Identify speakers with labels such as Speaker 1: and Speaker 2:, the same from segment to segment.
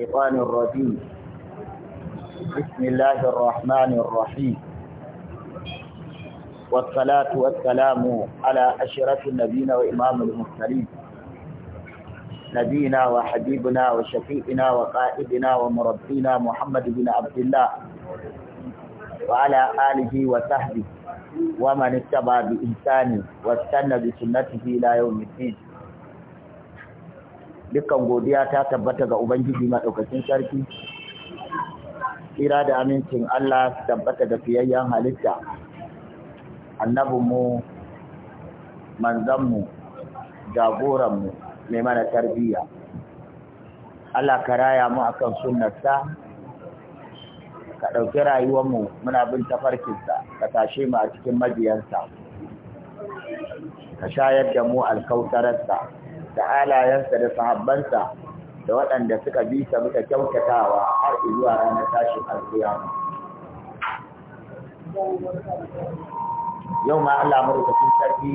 Speaker 1: الشيطان الرجيم بسم الله الرحمن الرحيم والصلاة والسلام على أشرف النبيين وإمام المرسلين نبينا وحبيبنا وشفيئنا وقائدنا ومربينا محمد بن عبد الله وعلى آله وصحبه ومن اتبع بإنسانه واستنى بسنته إلى يوم الدين dukkan godiya ta tabbata ga Ubangiji maɗaukacin sarki, tsira da amincin Allah tabbata da fiyayyen halitta, annabinmu, manzanmu, jagoranmu mai mana tarbiyya. Allah ka raya mu a kan sunarsa, ka ɗauki rayuwarmu muna bin tafarkinsa, ka tashe mu a cikin majiyarsa, ka shayar da mu alkautararsa. da halayensa da sahabbansa da waɗanda suka bi ta muka kyautatawa har zuwa ranar tashin alƙiyama yau ma Allah madaukakin sarki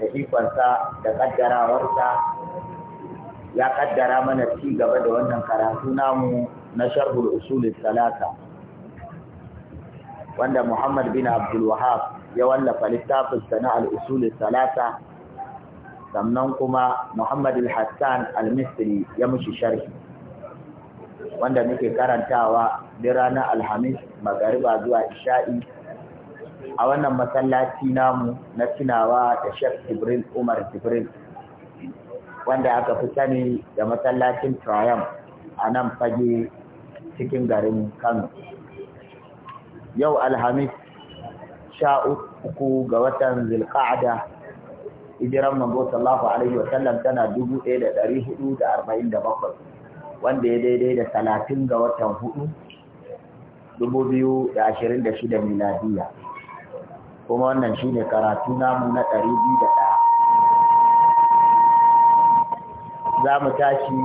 Speaker 1: da ikonsa da kaddarawarsa ya kaddara mana ci gaba da wannan karatu namu na sharhul usulis salata wanda Muhammad bin Abdul Wahab ya wallafa littafin sana al usulis salata sannan kuma Muhammad al-Hassan al-Misri ya mushi sharhi wanda muke karantawa da ranar Alhamis magariba zuwa Isha'i a wannan masallaci namu na tunawa da Sheikh Ibrahim Umar Ibrahim wanda aka fi sani da masallacin Triumph a nan fage cikin garin Kano yau Alhamis sha uku ga watan Zulqa'ada hijiran manzo sallallahu alaihi wa sallam tana 1447 wanda ya daidai da 30 ga watan 4 2026 miladiya kuma wannan shine karatu namu na 201 za mu tashi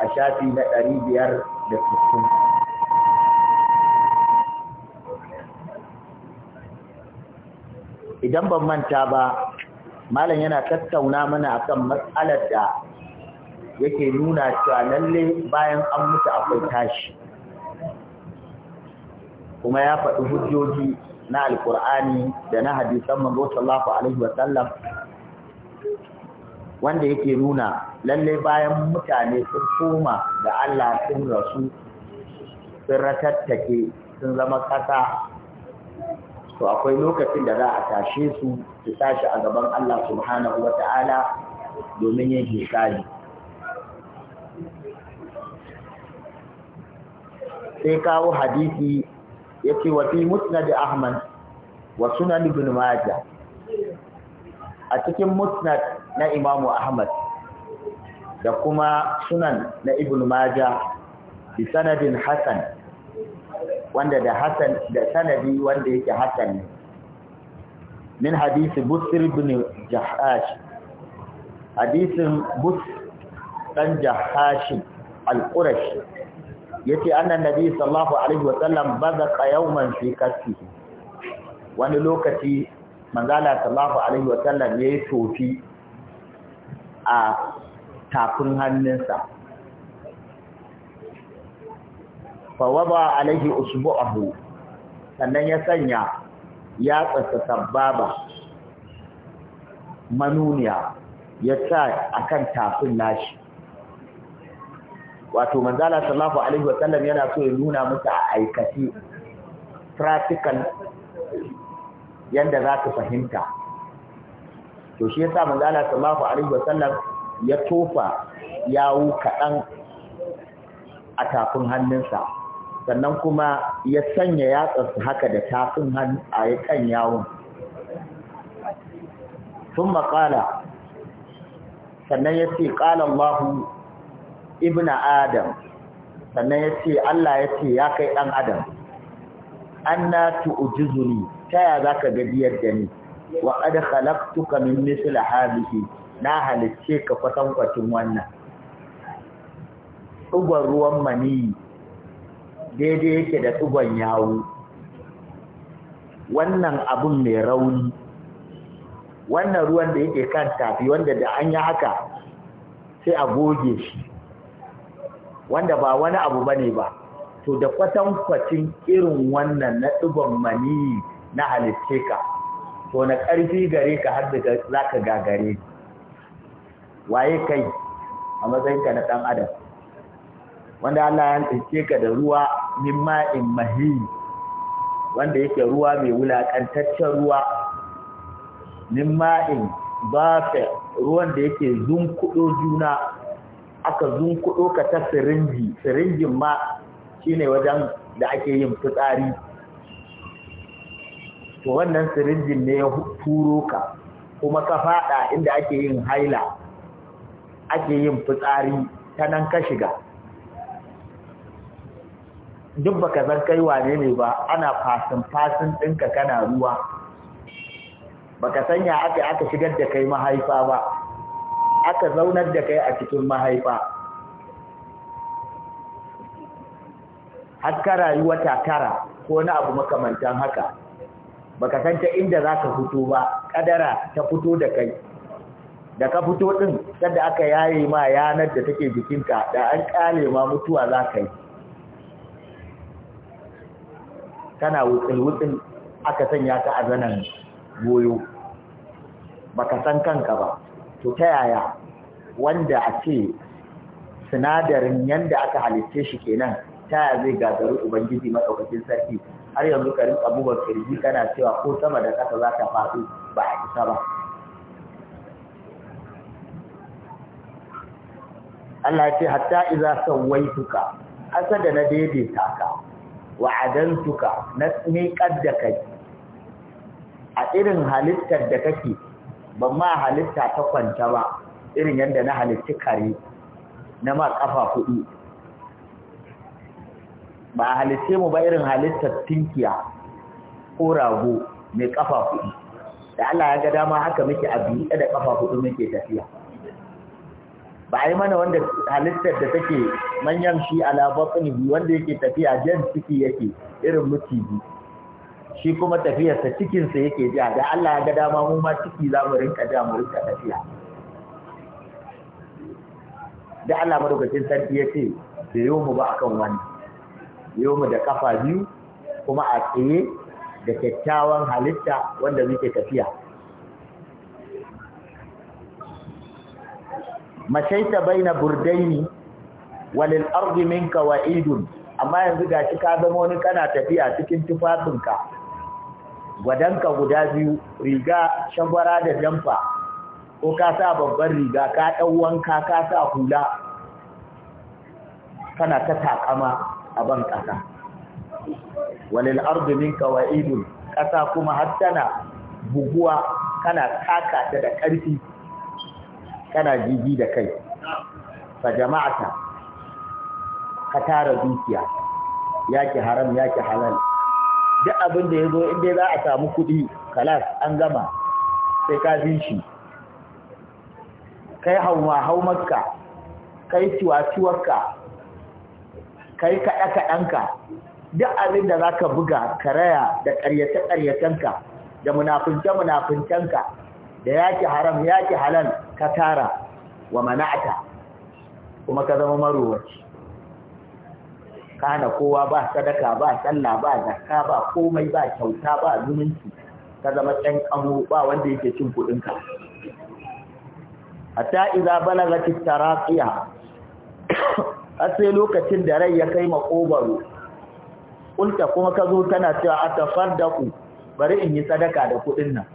Speaker 1: a shafi na
Speaker 2: 500
Speaker 1: idan ban manta ba malam yana tattauna mana akan matsalar da yake nuna cewa lalle bayan an mutu akwai tashi kuma ya faɗi hujjoji na alkur'ani da na hadisan manzo sallallahu alaihi wa sallam wanda yake nuna lalle bayan mutane sun koma da Allah sun rasu sun ratattake sun zama kasa to akwai lokacin da za a tashe su su tashi a gaban Allah subhanahu wa ta'ala domin yin hisabi sai kawo hadisi yake wa fi musnad ahmad wa sunan ibn majah a cikin musnad na imamu ahmad da kuma sunan na ibn majah bi sanadin hasan wanda da hasan da sanadi wanda yake hasan ne min hadisi busir ibn jahash hadisin bus dan jahash al-qurashi yace annan nabi sallallahu alaihi wa sallam bazaqa yawman fi kasfihi wani lokaci manzala sallallahu alaihi wa sallam yayi tofi a tafin hannunsa fawaba alaihi usbu'ahu sannan ya sanya ya tsatsa sababa manuniya ya ta akan tafin nashi wato manzala sallallahu alaihi Sallam yana so ya nuna musu a aikace practical yanda za su fahimta to shi yasa manzala sallallahu alaihi Sallam ya tofa yawo kaɗan a tafin hannunsa sannan kuma ya sanya su haka da tafin hannu a kan yawon sun maƙala sannan ya ce ƙalan mahu ibina adam sannan ya ce Allah ya ce ya kai ɗan adam an na tu'ujizuni ta ya za ka gajiyar da ni wa ƙada halaktuka min misila halihi na halicce ka kwatankwacin wannan ɗugon ruwan maniyi daidai yake da tsugon yawo wannan abun mai rauni wannan ruwan da yake kan tafi wanda da an yi haka sai a goge shi wanda ba wani abu ba ne ba to da kwatankwacin irin wannan na tsugon mani na halitce ka to na ƙarfi gare ka har da za ka gagare waye kai a matsayinka na ɗan adam wanda Allah ya halice ka da ruwa min ma'in mahi wanda yake ruwa mai wulakantaccen ruwa min ma'in bafe ruwan da yake zun kudo juna aka zun kudo ka ta sirinji sirinjin ma shine wajen da ake yin fitsari to wannan sirinjin ne ya turo ka kuma ka fada inda ake yin haila ake yin fitsari ta nan ka shiga duk ba ka zan kai wane ne ba ana fasin fasin ɗinka kana ruwa Ba ka sanya aka aka shigar da kai mahaifa ba aka zaunar da kai a cikin mahaifa haka ka rayu wata tara ko na abu makamantan haka ba san ta inda za ka fito ba ƙadara ta fito da kai da ka fito din sadda aka yaye ma yanar da take jikinka da an kale ma mutuwa za ka yi Tana wutsil-wutsil aka sanya ta a zanen goyo baka san kanka ba to ta yaya wanda a ce sinadarin yanda aka halitte shi kenan ta yaya zai gagaru ubangiji maɗaukakin sarki har yanzu ka rinka buga kirji kana cewa ko sama da ƙasa za ta faɗo ba a isa ba Allah ya ce hatta iza sawwaituka da na daidaita ka wa'adantuka na miƙar da kai a irin halittar da kake ban ma halitta ta kwanta ba irin yadda na halitti kare na ma ƙafa kuɗi ba a halitte mu ba irin halittar tinkiya ko rago mai ƙafa kuɗi da Allah ya ga dama haka muke a biye da ƙafa kuɗi muke tafiya ba a yi mana wanda halittar da take manyan shi ala bi wanda yake tafiya jan ciki yake irin mutiji shi kuma tafiyarsa cikinsa yake ja da Allah ya ga dama mu ma ciki za mu rinka ja mu rinka tafiya da Allah madaukakin sarki ya ce da yau mu ba akan wani yau mu da kafa biyu kuma a tsaye da kyakkyawan halitta wanda muke tafiya mashaita baina burdaini walil ardi minka wa'idun amma yanzu gashi ka zama wani kana tafiya cikin tufafinka gwadanka guda biyu riga shagwara da jamfa ko ka sa babbar riga ka ɗan wanka ka sa hula kana ta takama a ban ƙasa walil ardi minka wa'idun ƙasa kuma har tana buguwa kana taka ta da ƙarfi kana jiji da kai fa jama'ata ka tara dukiya yaki haram yaki halal duk abin da yazo in dai za a samu kuɗi kalas an gama sai ka bin shi kai hawa haumarka kai ciwaciwarka kai kaɗa kaɗanka duk abin da za ka buga karaya da ƙaryace ƙaryacenka da munafince munafincenka da yaki haram yaki halal ka tara wa mana'ata kuma ka zama maruwaci kana kowa ba sadaka ba sallah ba zakka ba komai ba kyauta ba zumunci ka zama ɗan kamo ba wanda yake cin kuɗinka hatta idza balagati taraqiya har sai lokacin da rai ya kai makobaro ulta kuma ka zo tana cewa ku. bari in yi sadaka da kuɗin nan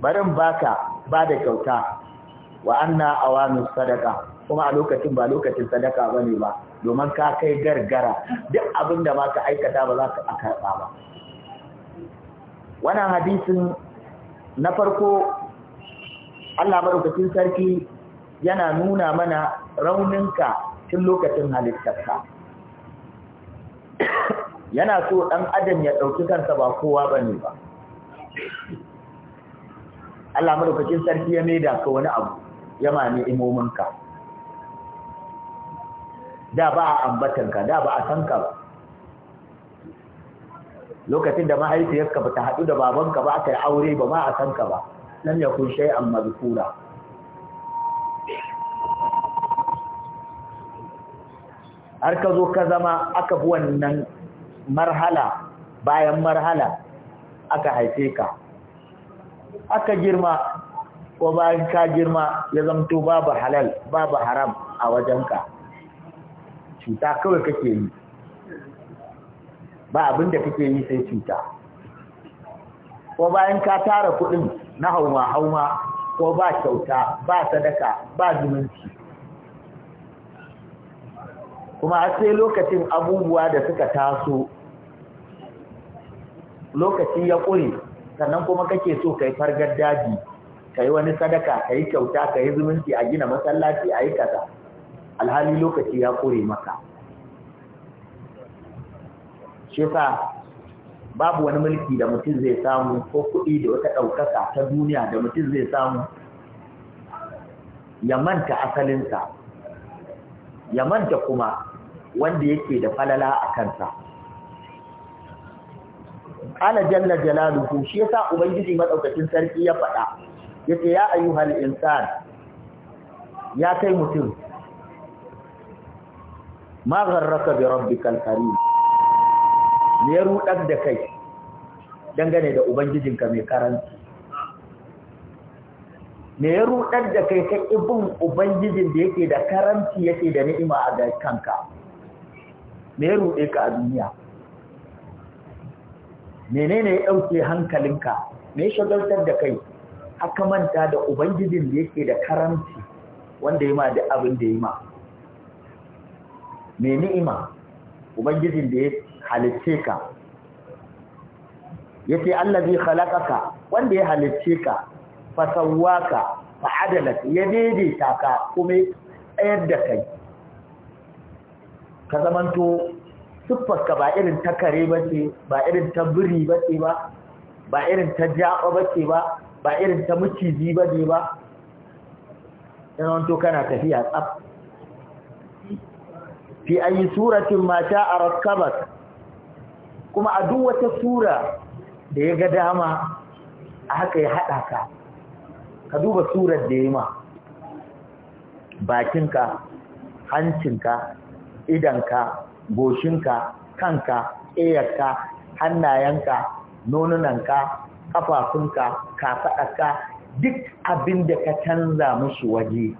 Speaker 1: barin baka ba da kyauta wa anna awanu sadaka kuma a lokacin ba lokacin sadaka bane ba domin ka kai gargara duk abin da baka ka aikata ba za ka karɓa ba wannan hadisin na farko Allah madaukakin sarki yana nuna mana rauninka tun lokacin halittarka yana so ɗan adam ya ɗauki kansa ba kowa bane ba Allah madaukakin sarki ya maida ka wani abu ya ma ka. da ba a ambatanka da ba a san ka ba lokacin da mahaifiyarka ba ta haɗu da babanka ba aka yi aure ba ma a san ka ba lam yakun an mazkura har ka zo ka zama aka bu wannan marhala bayan marhala aka haife ka aka girma ko bayan ka girma ya zamto babu halal babu haram a wajenka cuta kawai kake yi ba abin da kake yi sai cuta ko bayan ka tara kuɗin na hauma hauma ko ba kyauta ba sadaka ba zumunci kuma a sai lokacin abubuwa da suka taso lokaci ya ƙure sannan kuma kake so kai fargar daji kai wani sadaka kai kyauta kai zumunci a gina masallaci a yi kaza alhali lokaci ya kore maka shi yasa babu wani mulki da mutum zai samu ko kuɗi da wata ɗaukaka ta duniya da mutum zai samu ya manta asalinsa ya manta kuma wanda yake da falala a kansa ala jalla jalaluhu shi yasa ubangiji madaukakin sarki ya faɗa yace ya ayyuhal insan ya kai mutum ma gharraka bi rabbikal karim me ya rudar da kai dangane da ubangijinka mai karanci me ya rudar da kai kai ibun ubangijin da yake da karanci yake da ni'ima a kanka me ya rude ka a duniya menene ya ɗauke hankalinka me ya shagaltar da kai aka manta da ubangijin da yake da karanci wanda ya ma da abin da ya ma me ni'ima ubangijin da ya halicce ka yace allazi khalaqaka wanda ya halicce ka fa sawwaka fa adalaka ya daidaita ka kuma tsayar da kai ka zamanto siffarka ba irin ta kare ba ce ba irin ta biri ba ce ba ba irin ta jaɓa ba ce ba ba irin ta maciji ba ce ba yanzu kana tafiya tsab fi ayi suratin mata a raskabar kuma a duk wata sura da ya ga dama a haka ya haɗa ka ka duba surar da ya ma bakinka hancinka idanka goshinka kanka ƙeyarka hannayenka nonunanka kafafunka kafaɗarka duk abin da ka canza musu waje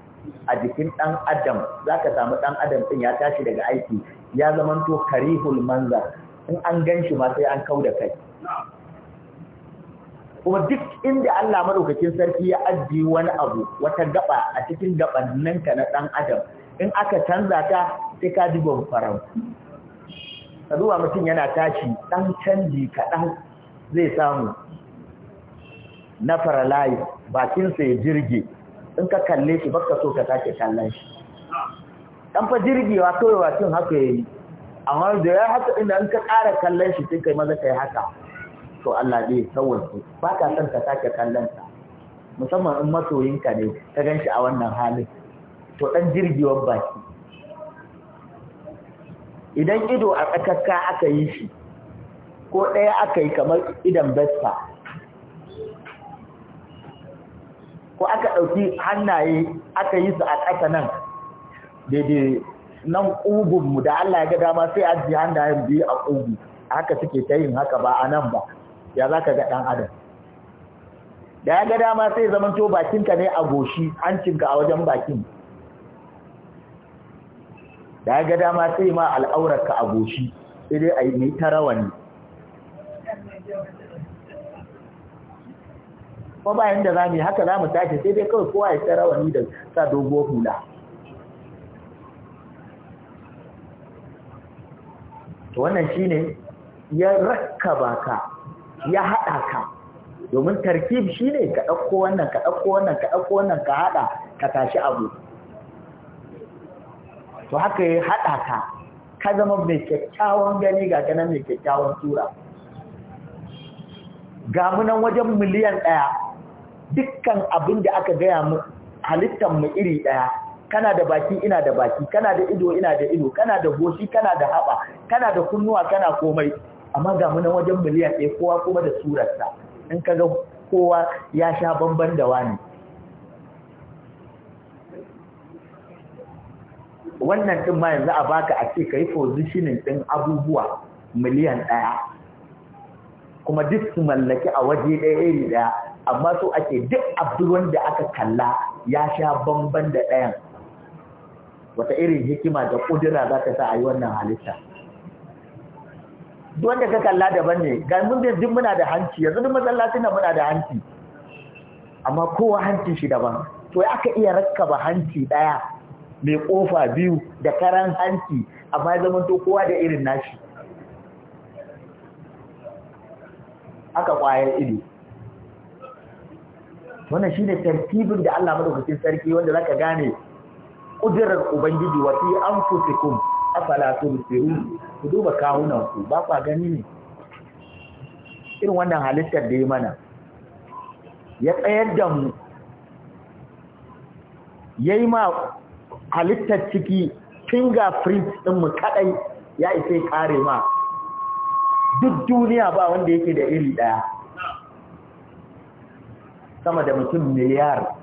Speaker 1: a jikin ɗan adam za ka samu ɗan adam ɗin ya tashi daga aiki ya zama zamanto karihul manzar in an gan shi ma sai an kau da kai kuma duk inda Allah madaukakin sarki ya ajiye wani abu wata gaba a cikin ka na ɗan adam in aka canza ta sai ka ji gwamfaran ka zuwa mutum yana tashi ɗan canji kaɗan zai samu na faralayi bakinsa ya jirge in ka kalle shi baka so ka tashi kallon shi ɗan fa jirgewa kawai bakin haka ya yi amma da ya haka ina in ka ƙara kallon shi sai kai maza yi haka to Allah ɗaya sauwarsu ba ka son ka sake kallon sa musamman in masoyinka ne ka gan shi a wannan halin to ɗan jirgewar baki idan ido a tsakakka aka yi shi ko ɗaya aka yi kamar idan vespa ko aka ɗauki hannaye aka yi su a ƙasa nan daidai nan ƙugunmu da Allah ya ga dama sai a ji hannayen biyu a ƙugu haka suke ta yin haka ba a nan ba ya za ka ga ɗan adam da ya ga dama sai zamanto bakinka ne a goshi hancinka a wajen bakin da ga dama sai ma al'aurarka a goshi sai dai a yi mai tarawani ko bayan da za mu yi haka za mu tashi sai dai kawai kowa ya tarawani da sa dogo hula wannan shine ya rakkaba ka ya haɗa ka domin tarkib shine ka ɗauko wannan ka ɗauko wannan ka ɗauko wannan ka haɗa ka tashi abu to haka ya haɗa ka ka zama mai kyakkyawan gani ga ganin mai kyakkyawan tura ga munan wajen miliyan ɗaya dukkan abin da aka gaya mu halittar mu iri ɗaya kana da baki ina da baki kana da ido ina da ido kana da goshi kana da haɓa kana da kunnuwa kana komai amma ga munan wajen miliyan ɗaya kowa kuma da surarsa in ka ga kowa ya sha bamban da wani wannan ɗin ma yanzu a baka a ce ka yi positioning ɗin abubuwa miliyan ɗaya kuma duk su mallaki a waje ɗaya iri ɗaya amma so ake duk abu wanda aka kalla ya sha bamban da ɗayan wata irin hikima da ƙudura za ta sa a yi wannan halitta duk wanda ka kalla daban ne ga mun da duk muna da hanci yanzu duk masallacin nan muna da hanci amma kowa hancin shi daban to aka iya ba hanci ɗaya mai kofa biyu da karan hanci amma zaman to kowa da irin nashi aka kwayar ido wannan shine tartibin da Allah madaukacin sarki wanda ka gane ƙudurar ubangiji wa fi a falatun tubsirun ku duba kawunan ba kwa gani ne irin wannan halittar da yi mana ya tsayar da mu ya yi ma halittar ciki fingerprint mu kaɗai ya isa kare ma duk duniya ba wanda yake da iri ɗaya sama da mutum miliyar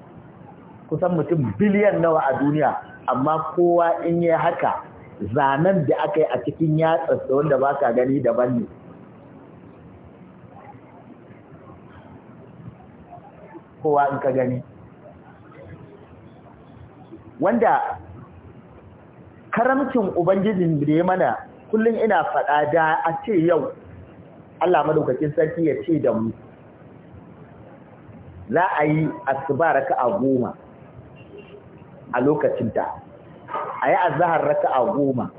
Speaker 1: kusan mutum biliyan nawa a duniya amma kowa in yi haka zanen da aka yi a cikin yatsa wanda ba ka gani daban ne kowa in ka gani wanda karamcin ubangijin da ya mana kullum ina faɗa da a ce yau Allah madaukakin sarki ya ce da mu za a yi asibaraka a goma a lokacinta a yi azahar a goma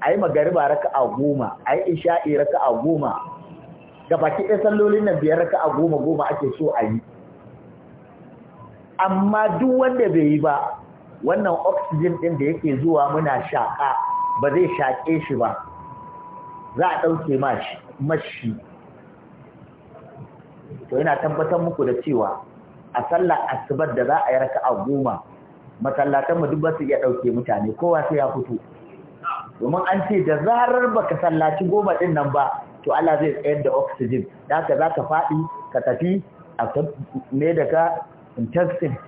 Speaker 1: a yi magariba a goma a yi isha'i a goma ga baki ɗaya sallolin nan biyar raka a goma goma ake so a yi amma duk wanda bai yi ba wannan oxygen ɗin da yake zuwa muna shaƙa ba zai shaƙe shi ba za a ɗauke mashi to ina tabbatar muku da cewa a sallar asibar da za a yi raka a goma mu duk ba su iya ɗauke mutane kowa sai ya fito domin an ce da zarar baka sallaci goma ɗin nan ba to Allah zai tsayar da oxygen da haka za ka faɗi ka tafi a mai da ka intestine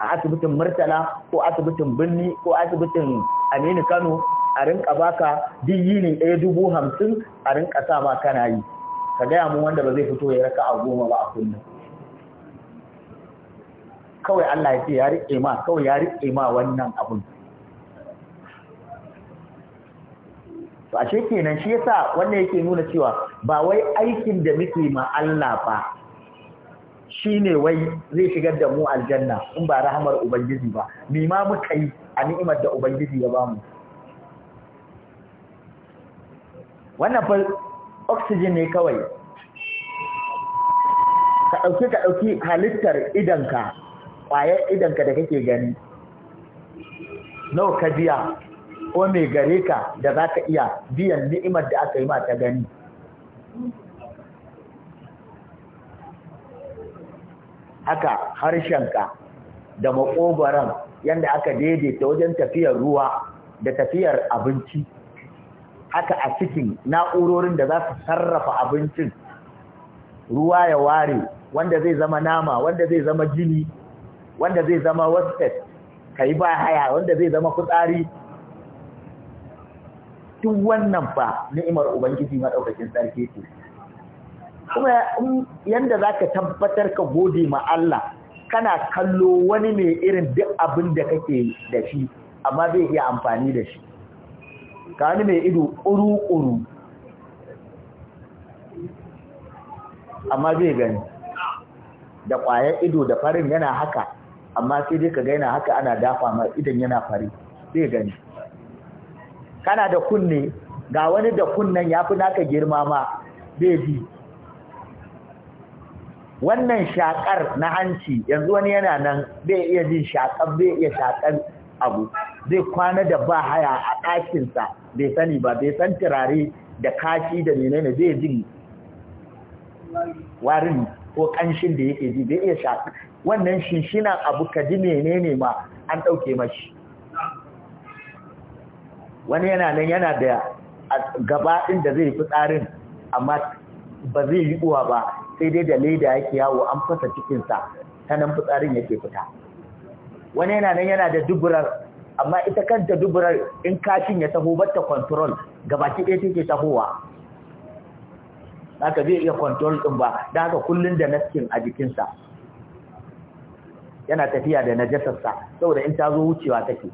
Speaker 1: a asibitin murtala ko asibitin birni ko asibitin aminu kano a rinka baka duk yini ɗaya dubu hamsin a rinka sa ma kana yi ka gaya mu wanda ba zai fito ya raka a goma ba a kullum kawai Allah ya ce ya riƙe ma kawai ya riƙe ma wannan abun to ashe kenan shi yasa wannan yake nuna cewa ba wai aikin da muke ma Allah ba shi ne wai zai shigar da mu aljanna in ba rahamar ubangiji ba mi ma muka yi a ni'imar da ubangiji ya bamu wannan fa oxygen ne kawai ka ɗauki ka ɗauki halittar idanka ƙwayar idanka da kake gani Nau ka biya ko mai gare ka da za ka iya biyan ni'imar da aka yi ma ta gani haka ka, da makogoron yanda aka daidaita wajen tafiyar ruwa da tafiyar abinci haka a cikin na'urorin da za su sarrafa abincin ruwa ya ware wanda zai zama nama wanda zai zama jini wanda zai zama wasted kai ba haya wanda zai zama kutsari duk wannan fa ni'imar ubangiji madaukakin sarki ce kuma yanda za ka tabbatar ka gode ma Allah kana kallo wani mai irin duk abin da kake da shi amma zai iya amfani da shi ka wani mai ido ƙuru-ƙuru amma zai gani da ƙwayar ido da farin yana haka amma sai dai ka gaina haka ana dafa ma idan yana fari zai gani kana da kunne ga wani da kunnen ya fi naka girma ma zai bi wannan shakar na hanci yanzu wani yana nan bai iya jin shakar bai iya shakar abu zai kwana da ba haya a ɗakinsa bai sani ba bai san turare da kashi da menene zai jin warin ko ƙanshin da yake ji bai iya shakar wannan shinshinan abu ka ji menene ma an ɗauke mashi wani yana nan yana da gaba ɗin da zai fi tsarin amma ba zai yi uwa ba sai dai da leda yake yawo an fasa cikinsa ta nan fitsarin yake fita wani yana nan yana da duburar amma ita kanta duburar in kashin ya taho batta control gabaki ɗaya take tahowa haka zai iya control ɗin ba da haka kullum da naskin a jikinsa yana tafiya da najasarsa saboda in ta zo wucewa take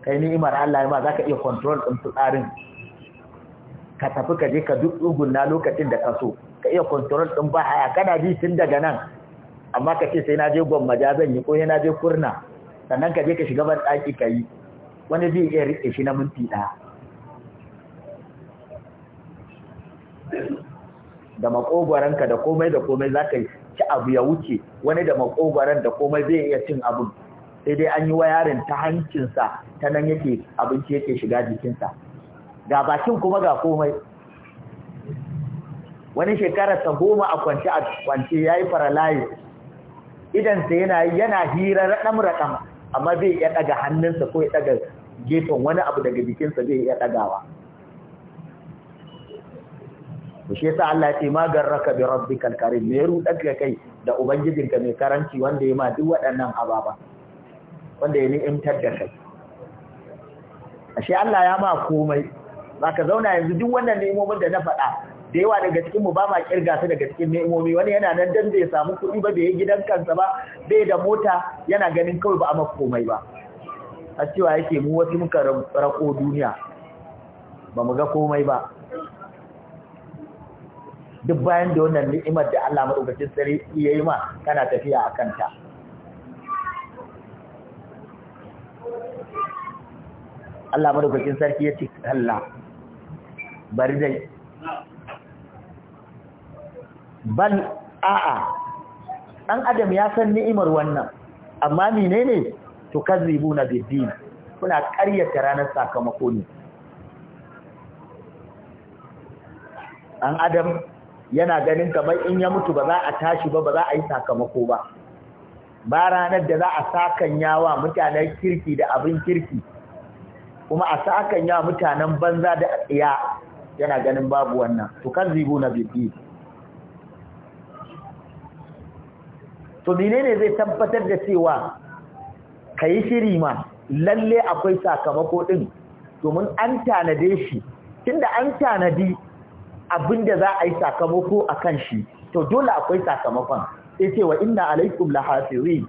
Speaker 1: kai ni imar Allah ya ma za ka iya control ɗin fitsarin ka tafi ka je ka duk na lokacin da ka so ka iya control din ba haya kana ji tun daga nan amma ka ce sai na je gwamma zan yi ko sai na je kurna sannan ka je ka shiga ban daki ka yi wani zai iya riƙe shi na minti ɗaya da makogwaranka da komai da komai za ka ci abu ya wuce wani da makogwaran da komai zai iya cin abin sai dai an yi wayarin ta hancinsa ta nan yake abinci yake shiga jikinsa ga bakin kuma ga komai wani shekara ta goma a kwanci a kwanci ya yi faralaye idansa yana yana hira raɗam-raɗam amma bai iya ɗaga hannunsa ko ya ɗaga gefen wani abu daga jikinsa bai iya ɗagawa ku shi yasa Allah ya ce magar raka bi rabbikal karim me rudanka kai da ubangijinka mai karanci wanda ya ma duk waɗannan ababa wanda ya ni'imtar da kai ashe Allah ya ma komai ba ka zauna yanzu duk wannan ni'imomin da na faɗa da yawa daga cikin mu ba ma kirga su daga cikin ni'imomi wani yana nan dan bai samu kuɗi ba bai yi gidan kansa ba bai da mota yana ganin kawai ba a maka komai ba a cewa yake mu wasu muka rako duniya ba mu ga komai ba duk bayan da wannan ni'imar da Allah madaukakin sarki ya yi ma kana tafiya akan ta Allah madaukakin sarki ya ce Allah bari dai bal a'a ɗan adam ya san ni'imar wannan amma menene to na biddin kuna ƙaryata ranar sakamako ne ɗan adam yana ganin kamar in ya mutu ba za a tashi ba ba za a yi sakamako ba ba ranar da za a sakan yawa mutanen kirki da abin kirki kuma a sakan yawa mutanen banza da ya yana ganin babu wannan to kazibu na biddi to menene zai tabbatar da cewa kai shiri ma lalle akwai sakamako din domin an tanade shi tunda an tanadi abinda za a yi sakamako akan shi to dole akwai sakamakon sai cewa inna alaikum lahafizin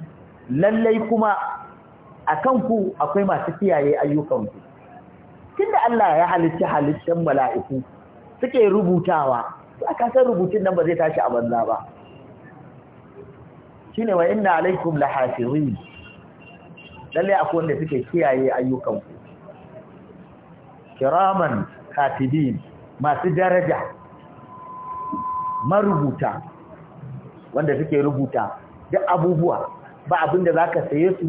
Speaker 1: lalle kuma akan ku akwai masu kiyaye ayyukan ku. da Allah ya halitta halittan mala'iku suke rubutawa su aka san rubutun nan ba zai tashi a banza ba shine wa inna alaikum lahafizin lalle akwai wanda suke kiyaye ayyukan ku kiraman katibin masu daraja marubuta wanda suke rubuta duk abubuwa ba abinda zaka saye su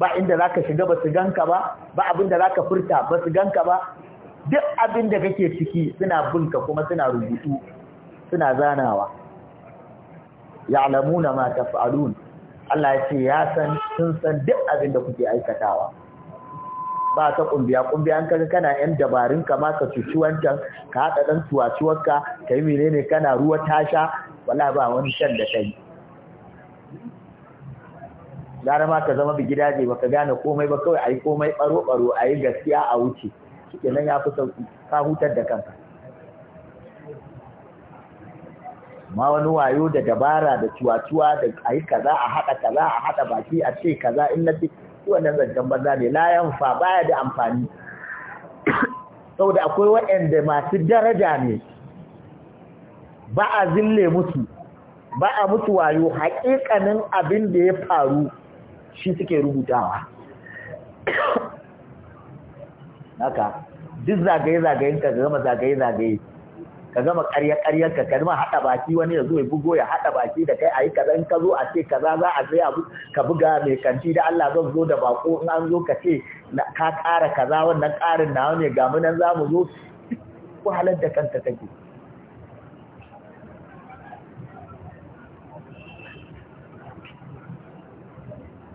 Speaker 1: ba inda za ka shiga ba su ganka ba ba abin za ka furta ba su ganka ba duk abinda da kake ciki suna bulka kuma suna rubutu suna zanawa na mata fa'alun Allah ya ce ya san sun san duk abin kuke aikatawa ba ta kumbiya kumbiya an kaga kana yan dabarun ka ma ka cuci wancan ka haɗa ɗan tuwa ka yi menene kana ruwa tasha wala ba wani shan da ta yi gara ma ka zama bigida ba baka gane komai ba kawai ai komai baro baro ai gaskiya a wuce nan ya fi sauki ka hutar da kanka ma wani wayo da dabara da cuwa-cuwa da ai kaza a haɗa kaza a haɗa baki a ce kaza in na ce wannan zancen banza ne layan fa baya da amfani saboda akwai waɗanda masu daraja ne ba a zille musu ba a mutu wayo haƙiƙanin abin da ya faru shi suke rubutawa haka duk zagaye-zagayen ka gama zagaye-zagaye ka gama karyar-karyar ka kalma haɗa baki wani ya zo ya bugo ya haɗa baki da kai a yi kazan ka zo a ce kaza za a zai abu ka buga mai kanti da Allah zan zo da bako in an zo ka ce ka ƙara kaza wannan ƙarin nama ne gamunan nan za mu zo wahalar da kanta take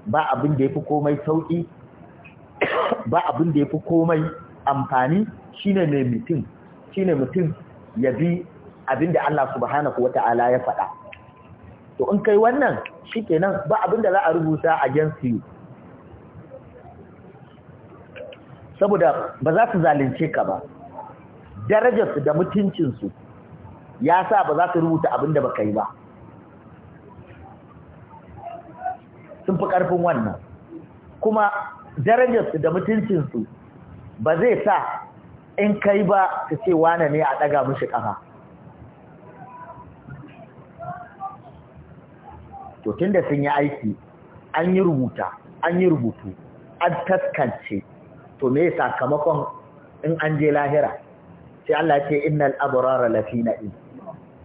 Speaker 1: ba abin da ya fi komai sauƙi ba abin da ya fi komai amfani shine mai mutum shine mutum ya bi abin da Allah subhanahu wa ta'ala ya faɗa to in kai wannan shikenan ba abin da za a rubuta a you saboda ba za su zalunce ka ba darajarsu da mutuncinsu ya sa ba za su rubuta abin da ba kai ba sun fi ƙarfin wannan kuma darajarsu da mutuncinsu ba zai sa in kai ba su ce wane ne a ɗaga mushi ƙafa to tun da sun yi aiki an yi rubuta an yi rubutu an taskance to me sakamakon in an je lahira sai Allah ce innal abrara lafi na'im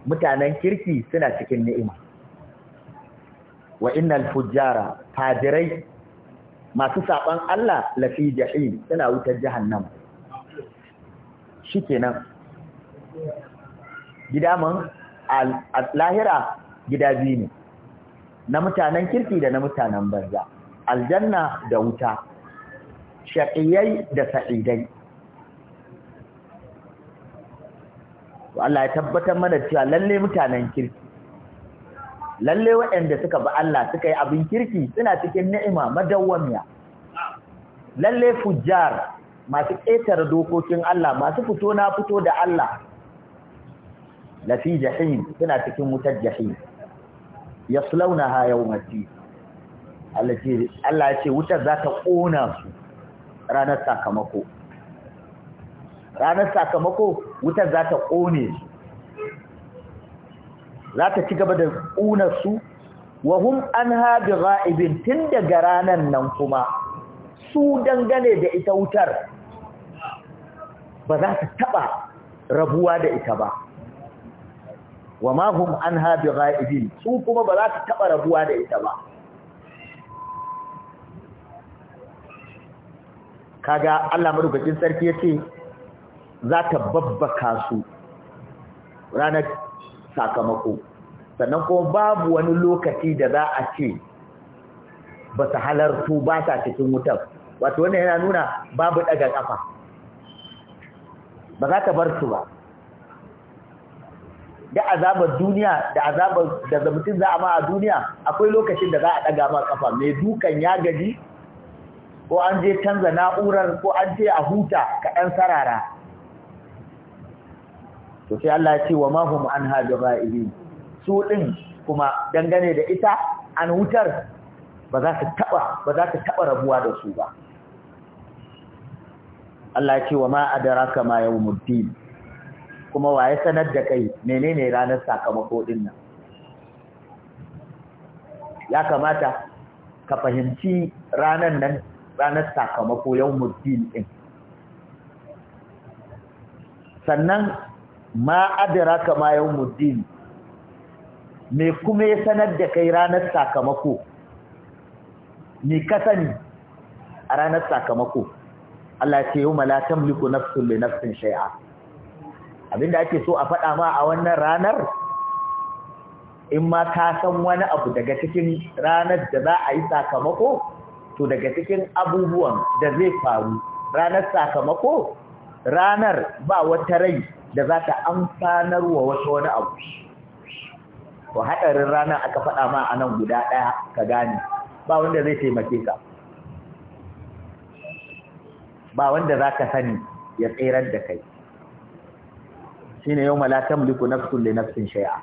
Speaker 1: mutanen kirki suna cikin ni'ima wa innal fujjara fajirai masu saban Allah lafi jahim suna wutar jahannam shikenan gida mun lahira gida biyu ne na mutanen kirki da na mutanen banza aljanna da wuta shaqiyai da sa'idai Allah ya tabbatar mana cewa lalle mutanen kirki lalle waɗanda suka bi Allah suka yi abin kirki suna cikin ni'ima madawwamiya lalle fujjar masu ƙetare dokokin Allah masu fito na fito da Allah lafi jahim suna cikin wutar jahim yaslaunaha yawmal din Allah ce Allah ya ce wutar za ta kona su ranar sakamako ranar sakamako wutar za ta kone su za ta ci gaba da ƙunarsu wa hum an haɗi ra'ibin tun daga ranar nan kuma su dangane da ita wutar ba za ta taɓa rabuwa da ita ba wa ma hum an haɗi ra'ibin su kuma ba za ta taɓa rabuwa da ita ba kaga Allah madaukakin sarki yace za ta babbaka su ranar sakamako sannan kuma babu wani lokaci da za a ce ba su halartu ba sa cikin wutar wato wannan yana nuna babu daga kafa ba za ka bar su ba da azabar duniya da azabar da zamutin za a ma a duniya akwai lokacin da za a daga ma kafa mai dukan ya gaji ko an je canza na'urar ko an je a huta kaɗan sarara to sai Allah ya ce wa ma hum anha bigha'ibin su din kuma dangane da ita an wutar ba za ta taba ba za ta taba rabuwa da su ba Allah ya ce wa ma adraka ma yawmuddin kuma waye sanar da kai menene ranar sakamako din nan ya kamata ka fahimci ranar nan ranar sakamako yawmuddin din sannan ma ka ma yawmuddin me kuma ya sanar da kai ranar sakamako ni ka sani a ranar sakamako Allah ce yau la tamliku nafsun li nafsin shay'a abinda ake so a faɗa ma a wannan ranar in ma ka san wani abu daga cikin ranar da za a yi sakamako to daga cikin abubuwan da zai faru ranar sakamako ranar ba wata rai da za ta amfanarwa wata wani abu to haɗarin ranar aka faɗa ma a nan guda ɗaya ka gane ba wanda zai taimake ka ba wanda za ka sani ya tseren da kai shi ne yau malatan liku nafsun da nafsun shai'a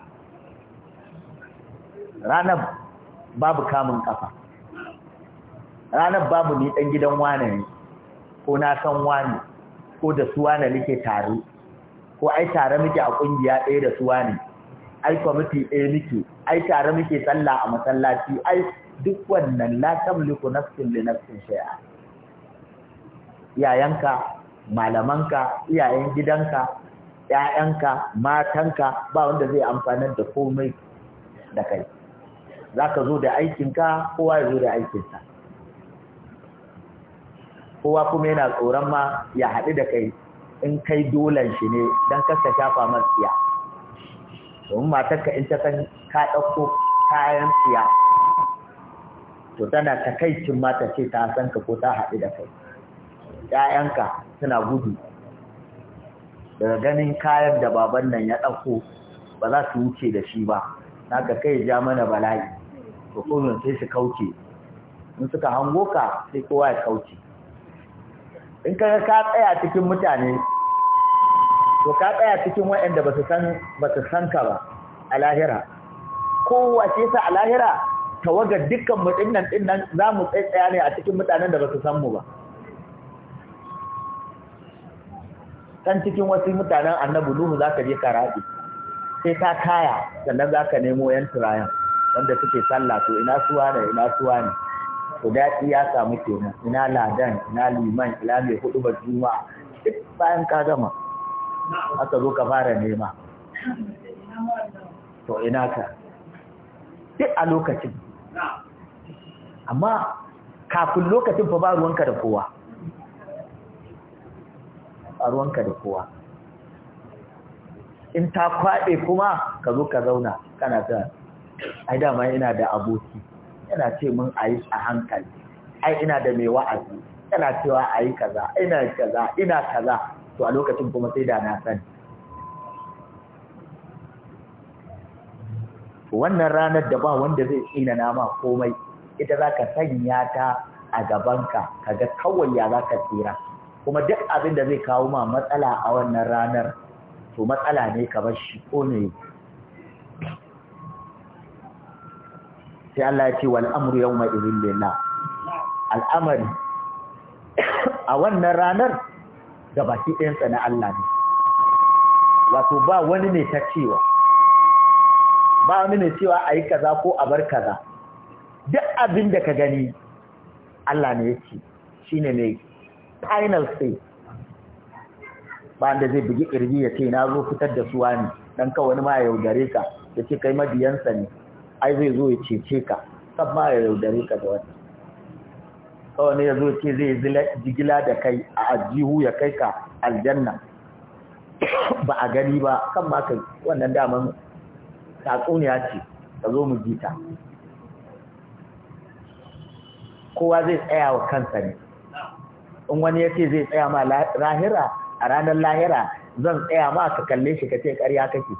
Speaker 1: ranar babu kamun kafa ranar babu ni ɗan gidan wane ne ko na san wane ko da su wane nake tare ko ai tare muke a kungiya ɗaya da suwa ne ai kwamiti ɗaya muke ai tare muke sallah a masallaci ai duk wannan la tamliku nafsin li nafsin shay'a iyayenka malamanka iyayen gidanka ƴaƴanka matanka ba wanda zai amfana da komai da kai zaka zo da aikinka kowa ya zo da aikinsa kowa kuma yana tsoron ma ya haɗu da kai in kai dolan shi ne don ka shafa mar tsiya domin matarka in ta san ka ɗauko kayan tsiya to tana takaicin ma ta ce ta san ka ko ta haɗu da kai ‘ya'yanka suna gudu daga ganin kayan da baban nan ya ɗauko ba za su wuce da shi ba naka kai ja mana bala'i to kuma sai su kauce in suka hango ka sai kowa ya kauce in ka ka tsaya cikin mutane to ka tsaya cikin waɗanda ba su san ba su san ka ba a lahira ko ce sa a lahira tawaga dukkan mu dinnan dinnan za mu tsaya ne a cikin mutanen da ba su san mu ba kan cikin wasu mutanen annabi nuhu za ka je ka rabi sai ta kaya sannan za ka nemo yan turayen wanda suke sallah to ina suwa ne ina suwa ne da daɗi ya samu kenan ina ladan ina liman ina mai hudu ba juma'a bayan ka gama aka zo ka fara nema to ina ka duk a lokacin amma kafin lokacin fa ba ruwanka da kowa a ruwanka da kowa in ta kwaɗe kuma ka zo ka zauna kana ta ai dama ina da aboki yana ce mun a yi a hankali ai ina da mai wa'azi yana cewa a yi kaza ina kaza ina kaza to a lokacin kuma sai da na sani wannan ranar da ba wanda zai tsina nama komai ita za ka sanya ta a gabanka kaga kawai ya za ka tsira kuma duk abin da zai kawo ma matsala a wannan ranar to matsala ne ka bar shi ko ne sai Allah ya ce wal amru yawma idhil lillah al'amari a wannan ranar da baki ɗayan tsana Allah ne wato ba wani ne ta cewa ba wani ne cewa a yi kaza ko a bar kaza duk abin da ka gani Allah ne yake shi ne mai final say ba da zai bugi ƙirji ya ce na zo fitar da suwa ne ɗan ka wani ma ya yaudare ka ya ce kai madiyansa ne ai zai zo ya cece ka kan ma ya yaudare ka da wata kawai ne ya zo ce zai jigila da kai a ajihu ya kai ka aljanna ba a gani ba kan ma kai wannan daman tatsuniya ce ka zo mu ji ta kowa zai tsaya wa kansa ne in wani ya ce zai tsaya ma lahira a ranar lahira zan tsaya ma ka kalle shi ka ce ƙarya kake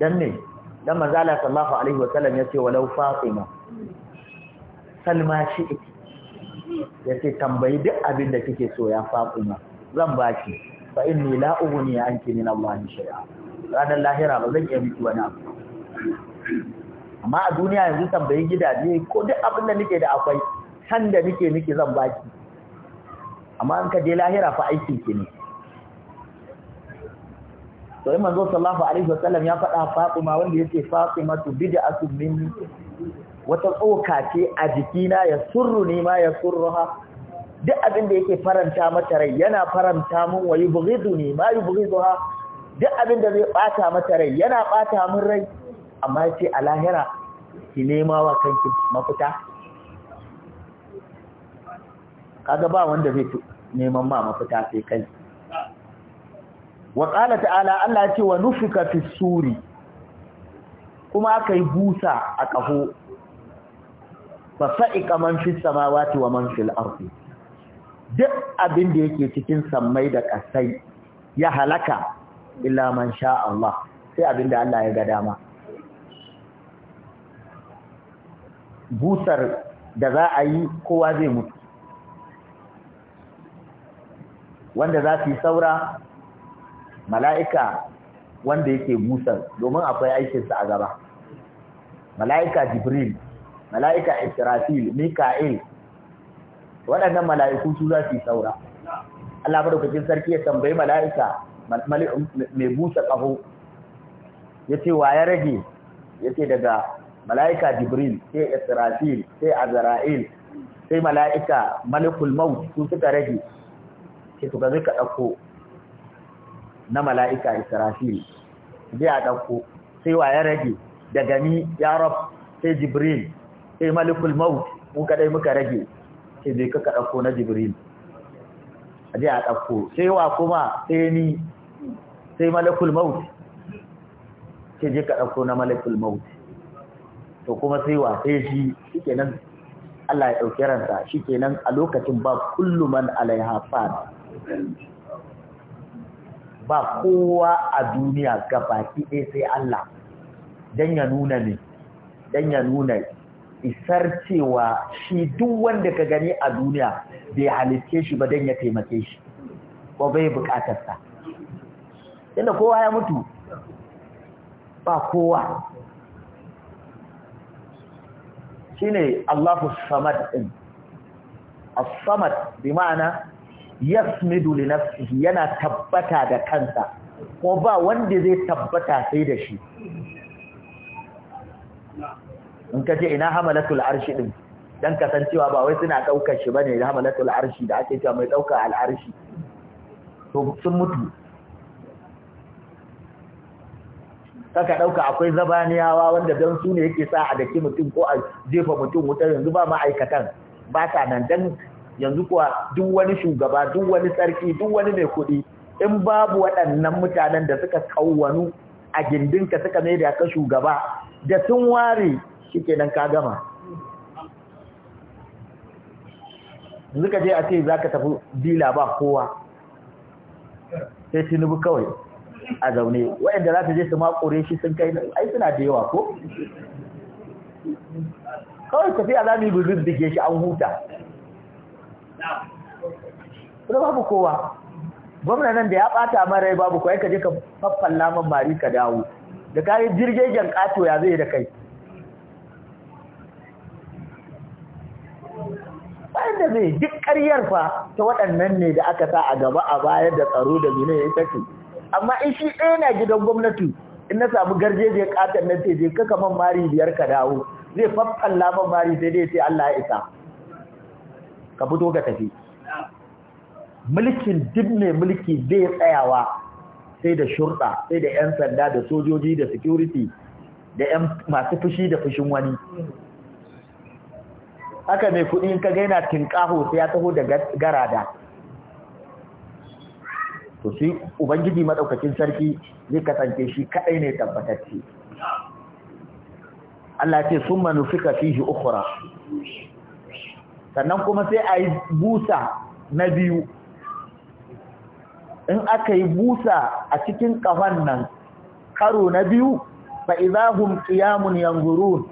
Speaker 1: dan ne dan manzala sallallahu alaihi wasallam yace walau fatima salma shi yace tambayi duk abin da kike so ya fatima zan baki fa inni la ughni anki min Allah shay'a ranar lahira ba zan iya miki wani abu amma a duniya yanzu tambayi gidaje ko duk abin da nake da akwai san da nake miki zan baki amma an ka je lahira fa aiki ki ne to in manzo sallallahu alaihi wasallam ya faɗa Fatima wanda yace Fatima tu bid'atu minni wata tsoka ce a jikina ya surru ni ma ya surruha duk abin da yake faranta mata rai yana faranta mun wa ne ma yubghiduha duk abin da zai bata mata rai yana bata mun rai amma yace a lahira ki nema wa kanki mafita kaga ba wanda zai neman ma mafita sai kai wa ƙala ta'ala Allah ce wa nufika fi suri kuma aka yi busa a ƙaho fa sa'iqa man fi samawati wa man fil ardi duk abin da yake cikin sammai da ƙasai ya halaka illa man sha Allah sai abin da Allah ya ga dama busar da za a yi kowa zai mutu wanda za su yi saura mala'ika wanda yake busar domin akwai aikinsa a gaba mala'ika jibril mala'ika israfil mika'il waɗannan mala'iku su za su yi saura Allah madaukakin sarki ya tambayi mala'ika mai busa ƙaho ya ce wa ya rage ya ce daga mala'ika jibril sai israfil sai azra'il sai mala'ika malikul maut su suka rage ke suka ka ɗauko na mala'ika Israfil je a ɗauko sai wa ya rage daga ni ya rab sai Jibril sai Malikul Maut mun kadai muka rage sai bai kaka ɗauko na Jibril je a ɗauko sai wa kuma sai ni sai Malikul Maut sai je ka ɗauko na Malikul Maut to kuma sai wa sai shi shikenan Allah ya ɗauki ransa nan a lokacin ba kullu man alaiha fa ba kowa a duniya gabaki ɗaya sai Allah don ya nuna ne don ya nuna isar cewa shi duk wanda ka gani a duniya bai halitce shi ba Dan ya taimake shi ko bai bukatarsa inda kowa ya mutu ba kowa shi ne Allahu samad ɗin a samad bi ma'ana yasmidu li nafsihi yana tabbata da kansa ko ba wanda zai tabbata sai da shi in kace ina hamalatul arshi din dan kasancewa ba wai suna daukar shi bane da hamalatul arshi da ake cewa mai dauka al arshi to sun mutu kaka dauka akwai zabaniyawa wanda dan su yake sa a daki mutum ko a jefa mutum wuta yanzu ba ma'aikatan ba sa nan dan yanzu kuwa duk wani shugaba duk wani sarki duk wani mai kuɗi in babu waɗannan mutanen da suka kawwanu a gindinka suka mai da ka shugaba da sun ware nan ka gama yanzu ka je a ce za ka tafi dila ba kowa sai tinubu kawai a zaune waɗanda za ta je su makure shi sun kai ai suna da yawa ko kawai tafiya za mu yi birbige shi an huta Kuna babu kowa gwamna nan da ya ɓata mara babu kowa ya kaje ka faffan laman mari ka dawo da kayi jirgegen ƙato ya zai da kai bayan da zai duk ƙaryar fa ta waɗannan ne da aka sa a gaba a bayar da tsaro da mene ya tafi amma in shi ɗaya na gidan gwamnati in na samu garjeje katon nan sai je kaka man mari biyar ka dawo zai faffan laman mari sai dai sai Allah ya isa ka fito ka tafi mulkin duk mai mulki zai tsayawa sai da shurɗa sai da 'yan sanda da sojoji da security da 'yan masu fushi da fushin wani haka mai kuɗi in ka gaina tinkaho sai ya taho da garada to shi ubangiji madaukakin sarki zai kasance shi kadai ne tabbatacce Allah ce sun manufika fihi ukhra sannan kuma sai a yi busa na biyu in aka yi busa a cikin ƙafan nan karo na biyu izahun ƙiyamun yangurun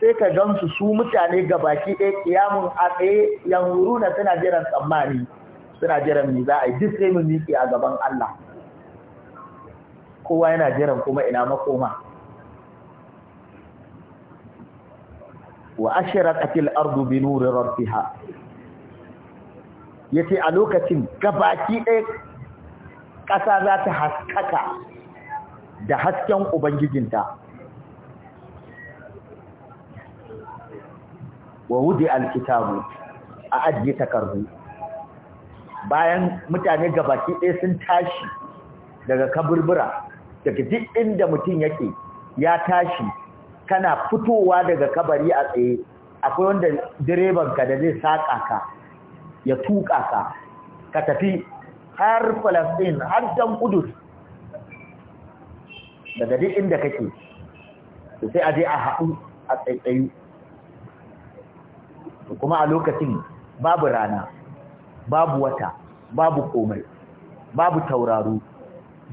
Speaker 1: sai ka gansu su mutane ga baki ɗaya ƙiyamun a tsaye yanguruna suna jiran tsammani suna jiran mi za a yi sai a gaban Allah kowa yana jiran kuma ina makoma wa ashraqatil ardu bi nuri rabbiha yace a lokacin gabaki ɗaya ƙasa za ta haskaka da hasken ubangijinta wa wudi alkitabu a ajiye takardu bayan mutane gabaki ɗaya sun tashi daga kaburbura daga duk inda mutum yake ya tashi kana fitowa daga kabari a tsaye akwai wanda direban ka da zai saka ka ya tuƙa ka ka tafi har Palestine har dan Kudus daga duk inda kake to sai a je a haɗu a tsaitsayu kuma a lokacin babu rana babu wata babu komai babu tauraro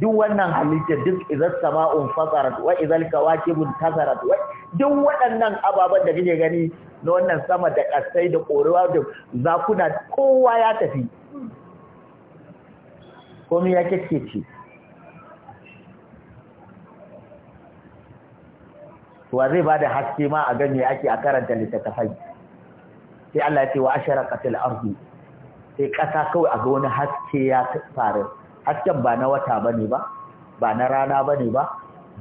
Speaker 1: duk wannan halittar duk izar sama'un fasarat wa izal kawakibun tasarat wa duk waɗannan ababen da kike gani na wannan sama da ƙasai da korewa da zakuna kowa ya tafi komai ya ce wa zai ba da haske ma a gani ake a karanta littattafai sai Allah ya ce wa asharaqatil ardi sai ƙasa kawai a ga wani haske ya faru hasken ba na wata ba ne ba ba na rana ba ne ba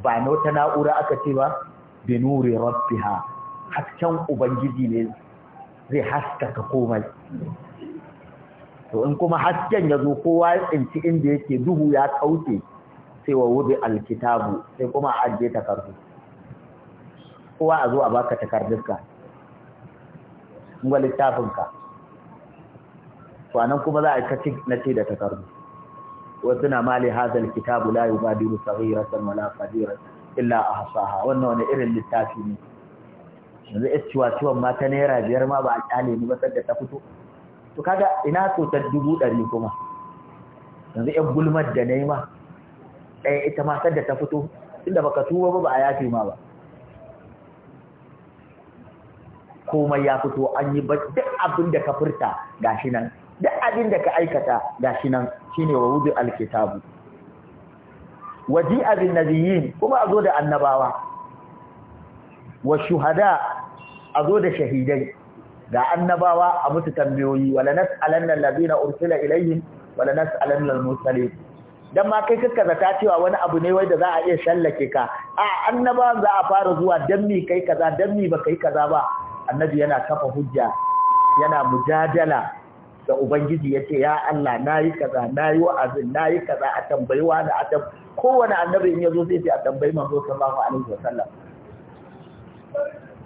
Speaker 1: ba na wata na'ura aka ce ba bi nuri ha hasken ubangiji ne zai haskaka komai to in kuma hasken ya zo kowa ya tsinci inda yake duhu ya kauce sai wa wubi alkitabu sai kuma a ajiye takardu kowa a zo a baka takardunka in wa littafinka to anan kuma za a yi kacin na ce da takardu wasu na mali hazal kitabu la yubadiru saghiratan wala kabiratan illa ahsaha wannan wani irin littafi ne yanzu estiwa ciwon ma ta naira biyar ma ba a kyale ni ba sadda ta fito to kaga ina so ta dubu ɗari kuma yanzu yan gulmar da na yi ma ɗaya ita ma sadda ta fito inda baka tuba ba ba a yafe ma ba komai ya fito an yi ba duk abin da ka furta gashi nan duk abin da ka aikata gashi nan shine wa wudu alkitabu waji abin nabiyyin kuma a da annabawa wa shuhada a zo da shahidai ga annabawa a musu tambayoyi wala nas'alanna alladhina ursila ilayhim wala nas'alanna al dan ma kai kaka zata cewa wani abu ne wai da za a iya shallake ka a annabawan za a fara zuwa dan mi kai kaza dan mi ba kai kaza ba annabi yana kafa hujja yana mujadala da ubangiji ya ce ya Allah na yi kaza na yi wa'azin na yi kaza a tambayi wa a tam kowane annabi in ya zo sai a tambayi manzo sallallahu alaihi wasallam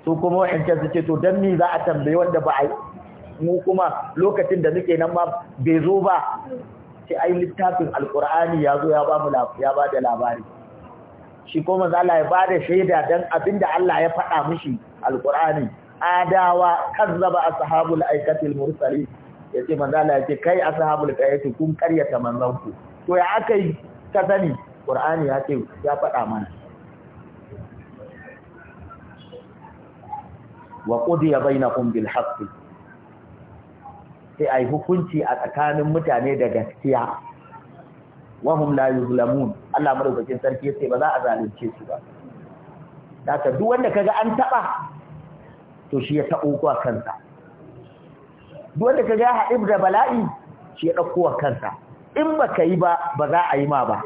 Speaker 1: su kuma in su ce to dan ni za a tambayi wanda ba a mu kuma lokacin da muke nan ma bai zo ba sai ai littafin alqur'ani ya zo ya ba mu ya ba da labari shi kuma manzo Allah ya ba da shaida dan abinda Allah ya faɗa mishi alqur'ani adawa kazzaba ashabul aikatil mursalin ya ce manzo Allah ya ce kai ashabul qayyati kun karyata manzan ku to ya akai ka sani Qur'ani ya ce ya faɗa mana wa bai bainakum bil haqq sai ai hukunci a tsakanin mutane da gaskiya wahum la yuzlamun Allah madaukakin sarki sai ba za a zalunce su ba ka duk wanda kaga an taɓa to shi ya tabo ko kansa duk wanda ka ga haɗu da bala'i shi ya ɗauko kansa in baka yi ba ba za a yi ma ba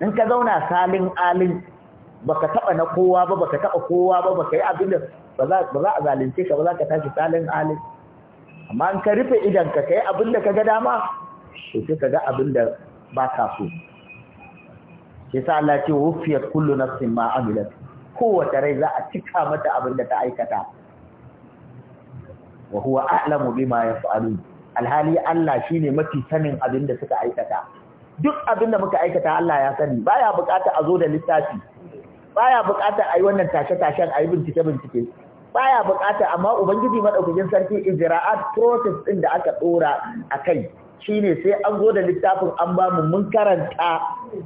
Speaker 1: in ka zauna salin alin baka taba na kowa ba baka taba kowa ba baka yi abin da ba za a zalunce ka ba za ka tashi salin alin amma in ka rufe idan ka kai abin da ka ga dama to sai ka ga abin da ba ka so shi sa Allah ce wufiyat kullu nafsin ma amilat kowace rai za a cika mata abin da ta aikata wa huwa a'lamu bima yaf'alun alhali Allah shine mafi sanin abin da suka aikata duk abin da muka aikata Allah ya sani baya bukata a zo da littafi baya bukata a yi wannan tashe-tashen a bincike-bincike baya bukata amma ubangiji madaukakin sarki ijra'at process din da aka dora a kai shine sai an zo da littafin an ba mu mun karanta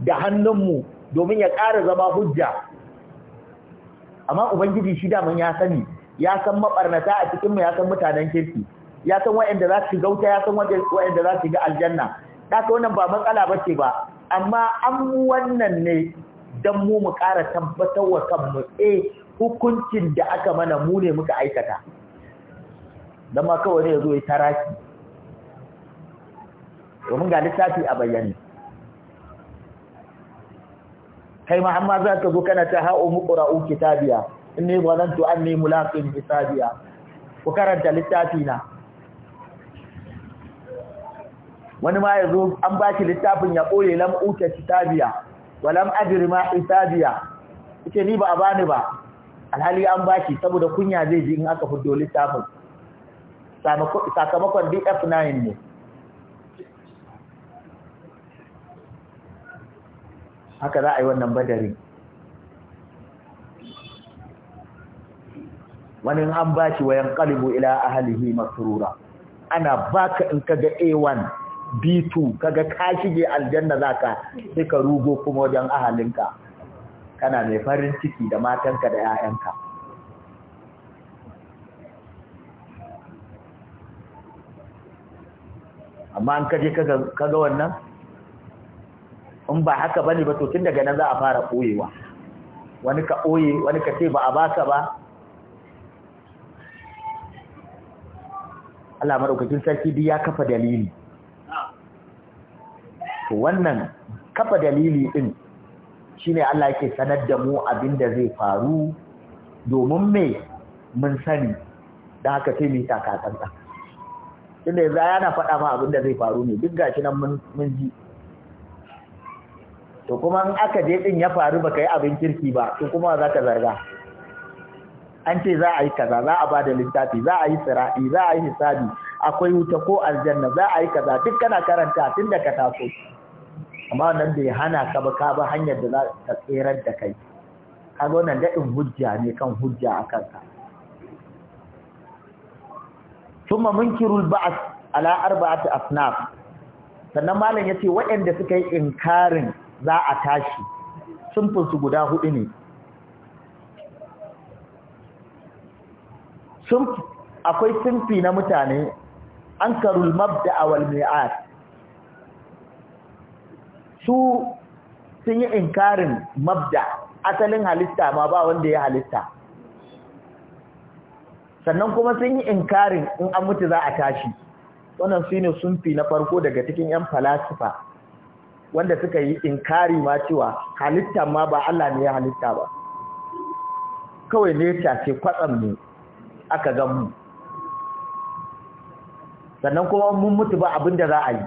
Speaker 1: da hannunmu domin ya ƙara zama hujja amma ubangiji shi da mun ya sani ya san mabarnata a cikin mu ya san mutanen kirki ya san waɗanda za su gauta ya san wa'anda za su ga aljanna da ka wannan ba matsala ba ce ba amma an mu wannan ne don mu mu ƙara tabbatar wa kanmu eh hukuncin da aka mana mu ne muka aikata dan ma kawai ne ya zo ya taraki domin ga littafi a bayyane kai ma amma za ka zo kana ta ha'o muƙura'u kitabiya inni zanantu anni mulaqin hisabiya ku karanta littafi na wani ma yazo an baki littafin ya kore lam uta hisabiya wa lam ajri ma hisabiya yake ni ba a bani ba alhali an baki saboda kunya zai ji in aka fuddo littafin sakamakon DF9 ne haka za a yi wannan badari wani an bashi wayan kalibu ila ahlihi masrura ana baka in kaga A1 B2 kaga ka shige aljanna zaka sai ka rugo kuma wajen ahalinka kana mai farin ciki da matanka da 'ya'yanka amma an kaje kaga wannan in ba haka bane ba to tun daga nan za a fara koyewa wani ka koye wani ka ce ba a baka ba Allah maɗaukakin sarki duk ya kafa dalili to wannan kafa dalili din ne Allah yake sanar da mu abin da zai faru domin me mun sani da haka sai mu taka tsantsa tunda yanzu yana faɗa ma abin da zai faru ne duk gashi nan mun ji to kuma in aka je din ya faru baka yi abin kirki ba to kuma za ka zarga an ce za a yi kaza za a ba da littafi za a yi sira'i za a yi hisabi akwai wuta ko aljanna za a yi kaza duk kana karanta tun da ka taso amma wannan bai hana ka ba ka ba hanyar da za ka tserar da kai kaga wannan daɗin hujja ne kan hujja a kanka thumma munkirul Ba'as, ala arba'ati asnaf sannan malam yace waɗanda suka yi inkarin za a tashi sun guda hudu ne akwai sunfi na mutane an karul mabda awal mi'ad su sun yi inkarin mabda asalin halitta ma ba wanda ya halitta sannan kuma sun yi inkarin in an mutu za a tashi wannan su ne sunfi na farko daga cikin 'yan falasifa wanda suka yi inkari ma cewa halitta ma ba Allah ne ya halitta ba kawai ne ce kwatsam ne aka gan mu sannan kuma mun mutu ba abin da za a yi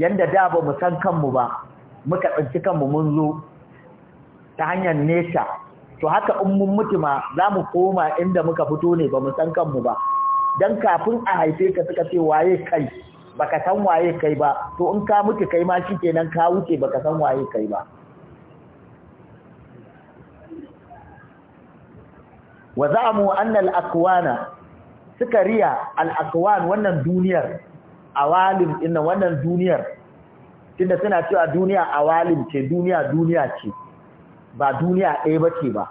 Speaker 1: yanda da ba mu san kanmu ba muka tsinci kanmu mun zo ta hanyar nesa to haka in mun mutu ma za mu koma inda muka fito ne ba mu san kanmu ba don kafin a haife ka suka ce waye kai baka san waye kai ba to in ka mutu kai ma shi kenan ka wuce baka san waye kai ba wa za'amu anna al-akwana suka riya al-akwan wannan duniyar awalim inna wannan duniyar tunda suna cewa duniya awalim ce duniya duniya ce ba duniya ɗaya bace ba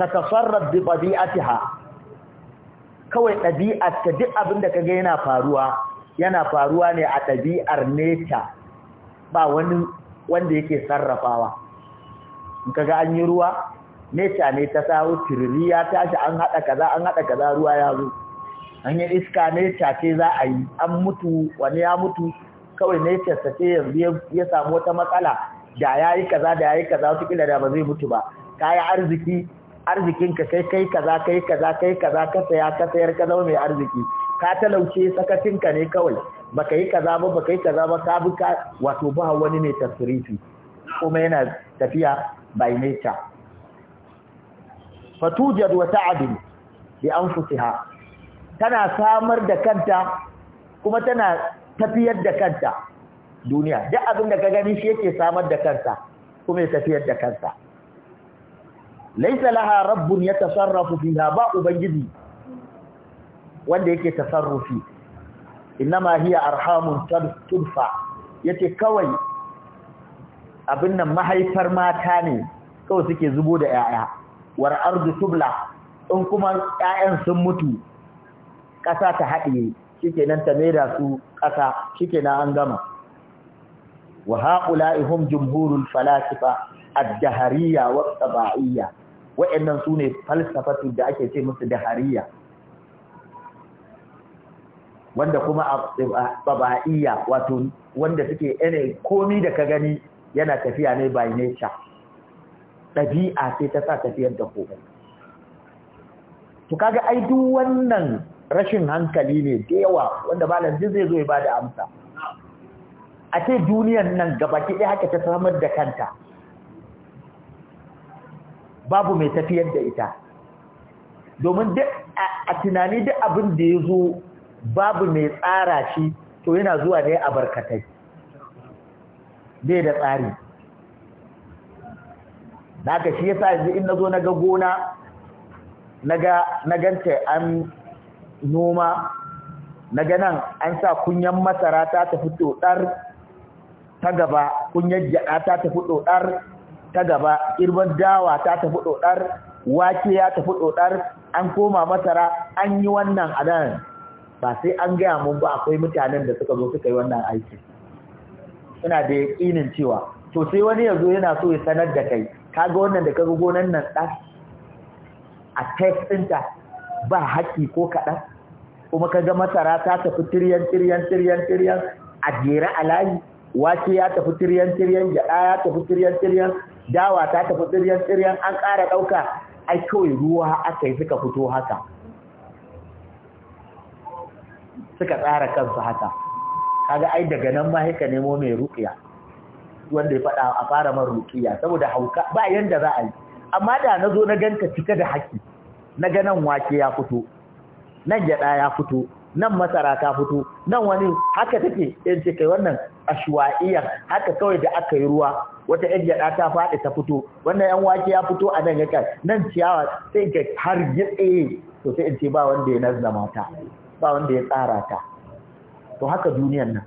Speaker 1: tatasarrab bi tabi'atiha kawai ɗabi'ar ta duk abin da kaga yana faruwa yana faruwa ne a ɗabi'ar neta ba wani wanda yake sarrafawa in kaga an yi ruwa neca ne ta sawo tiriri ya tashi an haɗa kaza an haɗa kaza ruwa ya zo hanyar iska neca ce za a yi an mutu wani ya mutu kawai ne ta ce yanzu ya samu wata matsala da ya yi kaza da ya yi kaza wata kila da ba zai mutu ba ka yi arziki ka kai kai kaza kai kaza kai kaza ka saya ka sayar ka zama mai arziki ka talauce ka ne kawai baka yi kaza ba baka yi kaza ba ka bi wato ba wani mai tasirifi kuma yana tafiya by nature fatujad wa ta'dil bi anfusiha tana samar da kanta kuma tana tafiyar da kanta duniya duk abin da ka gani shi yake samar da kansa kuma ya tafiyar da kansa laisa laha rabbun yatasarrafu fiha ba ubangiji wanda yake tasarrufi inma hiya arhamun tudfa yace kawai abin nan mahaifar mata ne kawai suke zubo da 'ya'ya. war ardu tubla in kuma ƴaƴan sun mutu ƙasa ta haɗiye shikenan ta maida su ƙasa shikenan an gama wa haula'i hum jumhurul falasifa ad-dahariyya wa tabaiyya wa'annan sune falsafatu da ake ce musu dahariyya wanda kuma tabaiyya wato wanda suke ene komi da ka gani yana tafiya ne by nature ɗabi'a sai ta sa tafiyar da komai to kaga ai duk wannan rashin hankali ne da yawa wanda malam jin zai zo ya bada amsa a ce duniyan nan gabaki ɗaya haka ta samar da kanta babu mai tafiyar da ita domin duk a tunani duk abin da ya zo babu mai tsara shi to yana zuwa ne a barkatai bai da tsari naka shi yasa yanzu in nazo naga gona naga na an noma naga nan an sa kunyan masara ta tafi dodar ta gaba kunyan gyada ta tafi dodar ta gaba irban dawa ta tafi dodar wake ya tafi dodar an koma masara an yi wannan a ba sai an gaya mun ba akwai mutanen da suka zo suka yi wannan aiki ina da yaƙinin cewa to sai wani ya yana so ya sanar da kai kaga wannan da kaga gonan nan ɗan a test ɗinta ba haƙƙi ko kaɗan kuma kaga masara ta tafi tiryan tiryan tiryan tiryan a jere a layi wake ya tafi tiryan tiryan gyaɗa ya tafi tiryan tiryan dawa ta tafi tiryan tiryan an ƙara ɗauka ai kawai ruwa aka yi suka fito haka suka tsara kansu haka kaga ai daga nan ma haka nemo mai ruƙiya wanda ya faɗa a fara man rukiya saboda hauka ba yanda za a yi amma da na zo na ganka cika da haƙi na ga nan wake ya fito nan gyaɗa ya fito nan masara ta fito nan wani haka take in ce kai wannan ashwaiya haka kawai da aka yi ruwa wata yan gyaɗa ta faɗi ta fito wannan yan wake ya fito a nan yaka nan ciyawa sai ga har gitse to sai in ce ba wanda ya nazama ta ba wanda ya tsara ta to haka duniyar nan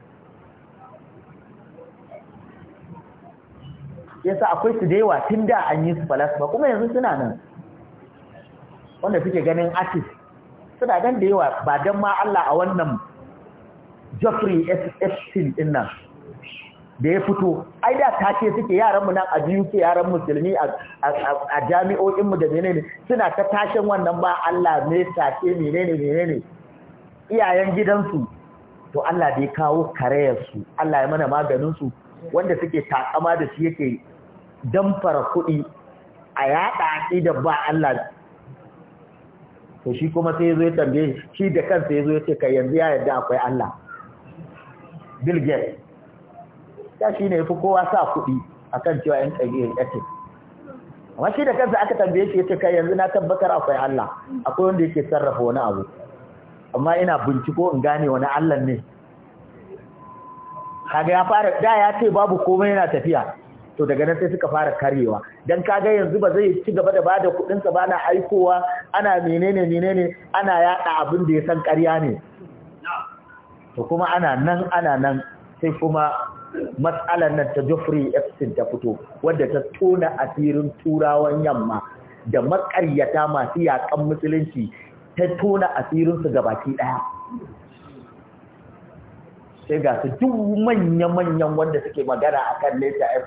Speaker 1: yasa akwai su da yawa tun da an yi su falasifa kuma yanzu suna nan wanda suke ganin artist suna gan da yawa ba don ma Allah a wannan Geoffrey Epstein din nan da ya fito ai da ta ce suke yaranmu nan a UK yaran musulmi a jami'o'inmu da menene suna ta tashin wannan ba Allah ne sace menene menene iyayen gidansu to Allah da ya kawo karayarsu Allah ya mana maganinsu wanda suke takama da shi yake damfara kuɗi a yaɗa idan ba Allah to shi kuma sai ya zo ya tambaye shi da kansa ya zo ya ce ka yanzu ya yadda akwai Allah Bill Gates ta shi ne ya fi kowa sa kuɗi a kan cewa ‘yan ƙabi'in yake amma shi da kansa aka tambaye shi ya ce ka yanzu na tabbatar akwai Allah akwai wanda yake sarrafa wani abu amma ina binciko in gane wani Allah ne kaga ya fara da ya ce babu komai yana tafiya to daga nan sai suka fara karewa dan kaga yanzu ba zai ci gaba da bada kudin sa ba na aikowa ana menene menene ana yada abin da ya san ƙarya ne to kuma ana nan ana nan sai kuma matsalar nan ta Geoffrey Epstein ta fito wadda ta tona asirin turawan yamma da makaryata masu yakan musulunci ta tona asirinsu gabaki ɗaya. sai ga su duk manya-manyan wanda suke magana a kan leta f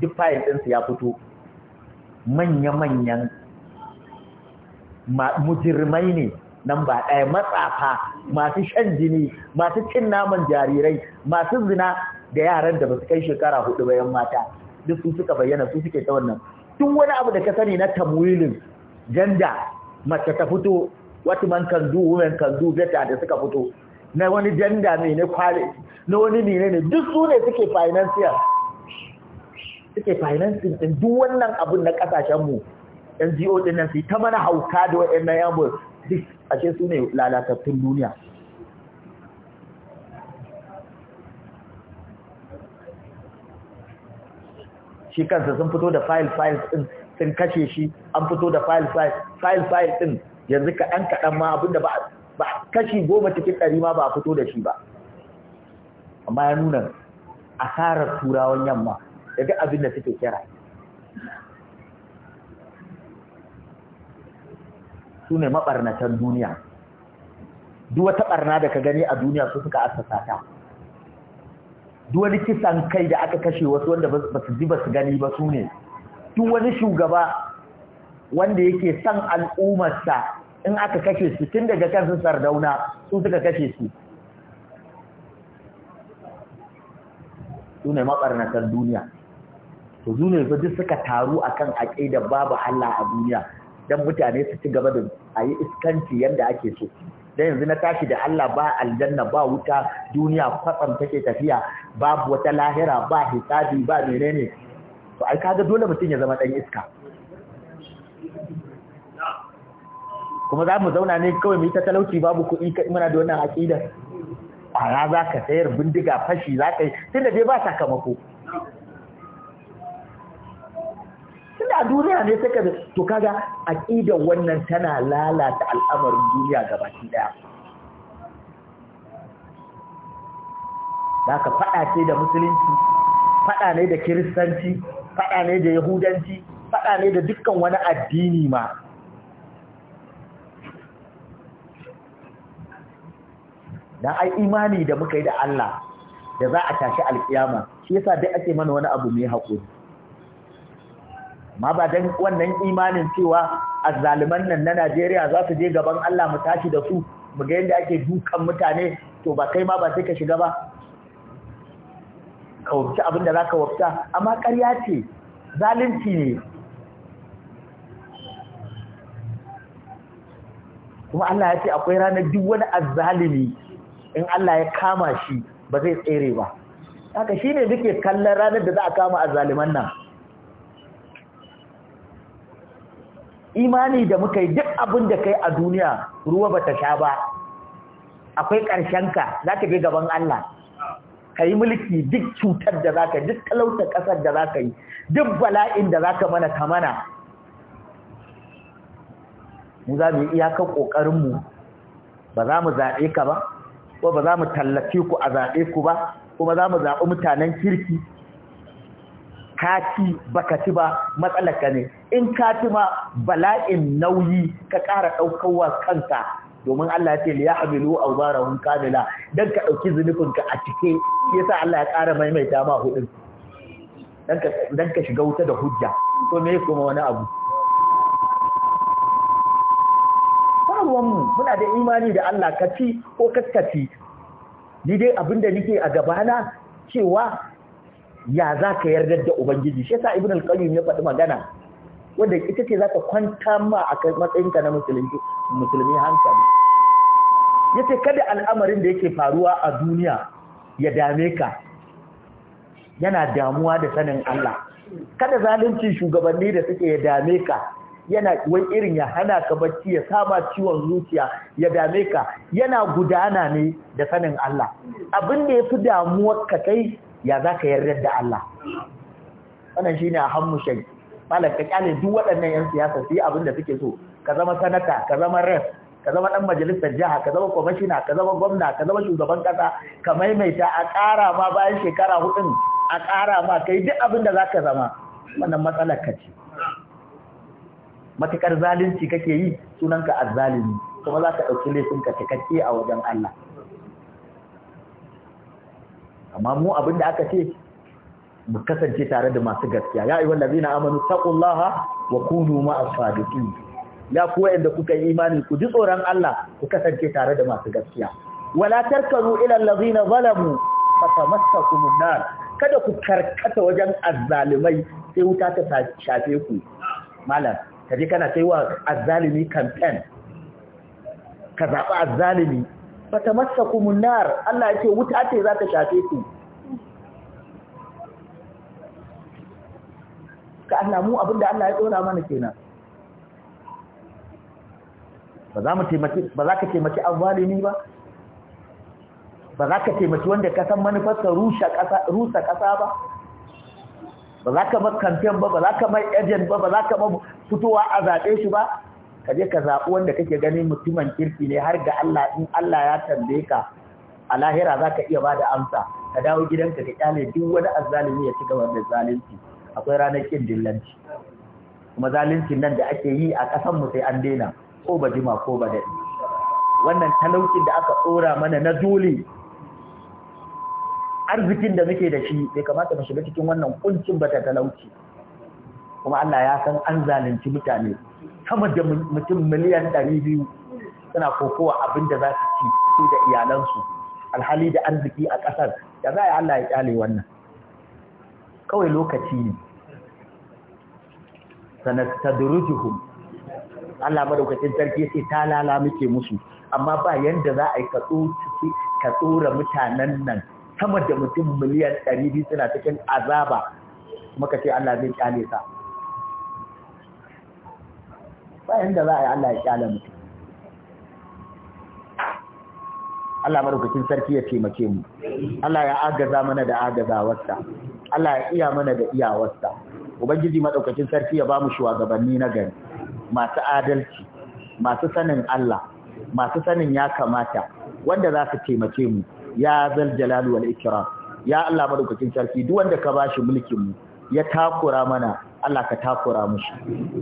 Speaker 1: duk fayil ɗinsu ya fito manya-manyan mujirmai ne nan ba ɗaya matsafa masu shan jini masu cin naman jarirai masu zina da yaran da ba su kai shekara hudu bayan mata duk su suka bayyana su suke ta wannan duk wani abu da ka sani na tamwilin janda mace ta fito what man can do women can do better da suka fito na wani janda mai na kwale na wani nile ne duk su ne suke financial suke financing din duk wannan abun na kasashenmu NGO din nan su ta mana hauka da na yamma duk ashe su ne lalatattun duniya shi kansa sun fito da file fayil din sun kashe shi an fito da file fayil file din yanzu kaɗan kaɗan ma abinda ba ba kashi goma cikin ɗari ma ba a fito da shi ba amma ya nuna a asarar turawan yamma daga abin da suke kira su ne maɓarnatan duniya duk wata ɓarna da ka gani a duniya su suka assasa ta duk wani kisan kai da aka kashe wasu wanda ba su ji ba su gani ba su ne duk wani shugaba wanda yake san al'ummarsa in aka kashe su tun daga kansu sardauna sun suka kashe su su ne maɓarnatar duniya su su ne duk suka taru a akan da babu Allah a duniya don mutane su ci gaba da a yi iskanci yadda ake so don yanzu na tashi da Allah ba aljanna ba wuta duniya kwatsam take tafiya babu wata lahira ba hisabi ba menene to ai kaga dole mutum ya zama ɗan iska kuma za mu zauna ne kawai mu yi ta talauci babu kuɗi kai muna da wannan aƙidar ƙwara za ka sayar bindiga fashi za ka yi tun da dai ba sakamako tun da duniya ne suka da to kaga aƙidar wannan tana lalata al'amarin duniya gabaki ɗaya za ka faɗa ce da musulunci faɗa ne da kiristanci faɗa ne da yahudanci faɗa ne da dukkan wani addini ma dan ai imani da muka yi da Allah da za a tashi alkiyama shi yasa dai ake mana wani abu mai haƙuri amma ba dan wannan imanin cewa azzaliman nan na Najeriya za su je gaban Allah mu tashi da su mu ga yadda ake dukan mutane to ba kai ma ba sai ka shiga ba ka wuce abin da zaka ka amma ƙarya ce zalunci ne kuma Allah ya ce akwai ranar duk wani azzalimi in Allah ya kama shi ba zai tsere ba haka shi ne muke kallon ranar da za a kama a zaliman nan imani da muka yi duk abin da kai a duniya ruwa ba ta sha ba akwai ƙarshenka za ka bi gaban Allah ka yi mulki duk cutar da za ka duk talauta ƙasar da za ka yi duk bala'in da za ka mana ka mana mu za mu yi iyakar ƙoƙarinmu ba za mu zaɓe ka ba ko ba za mu tallafi ku a zaɓe ku ba kuma za mu zaɓi mutanen kirki ka ci baka ci ba matsalaka ne in ka ci ma bala'in nauyi ka ƙara ɗaukarwa kanka domin Allah ya ce liya hamilu a hun kamila don ka ɗauki zunufinka a cike ya sa Allah ya ƙara maimaita ma hudun don ka shiga wuta da hujja to me kuma wani abu ruwanmu muna da imani da Allah ka ci ko kaskaci ni dai abin da nake a gabana cewa ya za ka yarda da ubangiji shi yasa ibn al-qayyim ya faɗi magana wanda ita ce za ta kwanta ma a matsayinka na musulmi musulmi hankali yace kada al'amarin da yake faruwa a duniya ya dame ka yana damuwa da sanin Allah kada zalunci shugabanni da suke ya dame ka yana wai irin ya hana ka bacci ya saba ciwon zuciya ya dame ka yana gudana ne da sanin Allah abin da yafi damuwar ka kai ya zaka yarda da Allah wannan shine ahammu Malam ka kyale duk waɗannan yan siyasa su yi abin da suke so ka zama sanata ka zama ref ka zama ɗan majalisar jiha ka zama kwamishina ka zama gwamna ka zama shugaban ƙasa ka maimaita a ƙara ma bayan shekara hudu a ƙara ma kai duk abin da za ka zama wannan matsalar ka ce matakar zalunci kake yi sunanka azzalimi kuma za ka ɗauki laifinka cikakke a wajen Allah amma mu abinda aka ce mu kasance tare da masu gaskiya ya ayyuhal ladina amanu taqullaha wa kunu ma'as sadiqin ya ku wanda kuka yi imani ku ji tsoron Allah ku kasance tare da masu gaskiya wala tarkanu ila allazina zalamu fatamassakumun nar kada ku karkata wajen azzalimai sai wuta ta shafe ku malam ka je kana kai wa azzalimi campaign ka zaɓi azzalimi ba ta masa nar. Allah ya ce wuta ce za ta shafe ku ka Allah mu abinda Allah ya dora mana kenan ba za mu taimaki ba za ka taimaki azzalimi ba ba za ka taimaki wanda ka san sa rusa ƙasa ba ba za ka bar kamfen ba ba za ka bar ejen ba ba za ka ba fitowa a zaɓe shi ba ka je ka zaɓi wanda kake ganin mutumin kirki ne har ga Allah in Allah ya tambaye ka a lahira za ka iya ba da amsa ka dawo gidanka ka kyale duk wani azzalimi ya ci gaba da zalunci akwai ranar kin dillanci kuma zaluncin nan da ake yi a ƙasan mu sai an daina ko ba jima ko ba daɗi wannan talaucin da aka tsora mana na dole arzikin da muke da shi bai kamata mu shiga cikin wannan kuncin bata talauci kuma Allah ya san an zalunci mutane sama da mutum miliyan 200 suna kokowa abin da za su ci su da iyalansu alhali da arziki a ƙasar da za a yi Allah ya kyale wannan kawai lokaci ne sanastadrujuhum Allah madaukakin sarki sai ta lala muke musu amma ba yanda za a yi ka tsora mutanen nan sama da mutum miliyan 200 suna cikin azaba Maka ce Allah zai kyale sa bayan da za a yi Allah ya kyale mutum Allah marukacin sarki ya taimake mu Allah ya agaza mana da wasta, Allah ya iya mana da wasta. ubangiji maɗaukacin sarki ya bamu shugabanni na gari masu adalci masu sanin Allah masu sanin ya kamata wanda za su taimake mu ya zal Jalal wal ikram ya Allah madaukakin sarki duk wanda ka bashi mulkin mu ya takura mana Allah ka takura mushi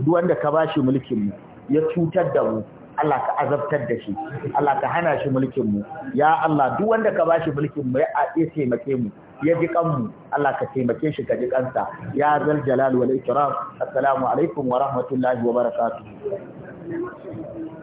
Speaker 1: duk wanda ka bashi mulkin mu ya cutar da mu Allah ka azabtar da shi Allah ka hana shi mulkin mu ya Allah duk wanda ka bashi mulkin mu ya taimake mu ya ji mu Allah ka taimake shi ka ji kansa ya zal jalal wal ikram assalamu alaikum wa rahmatullahi wa
Speaker 2: barakatuh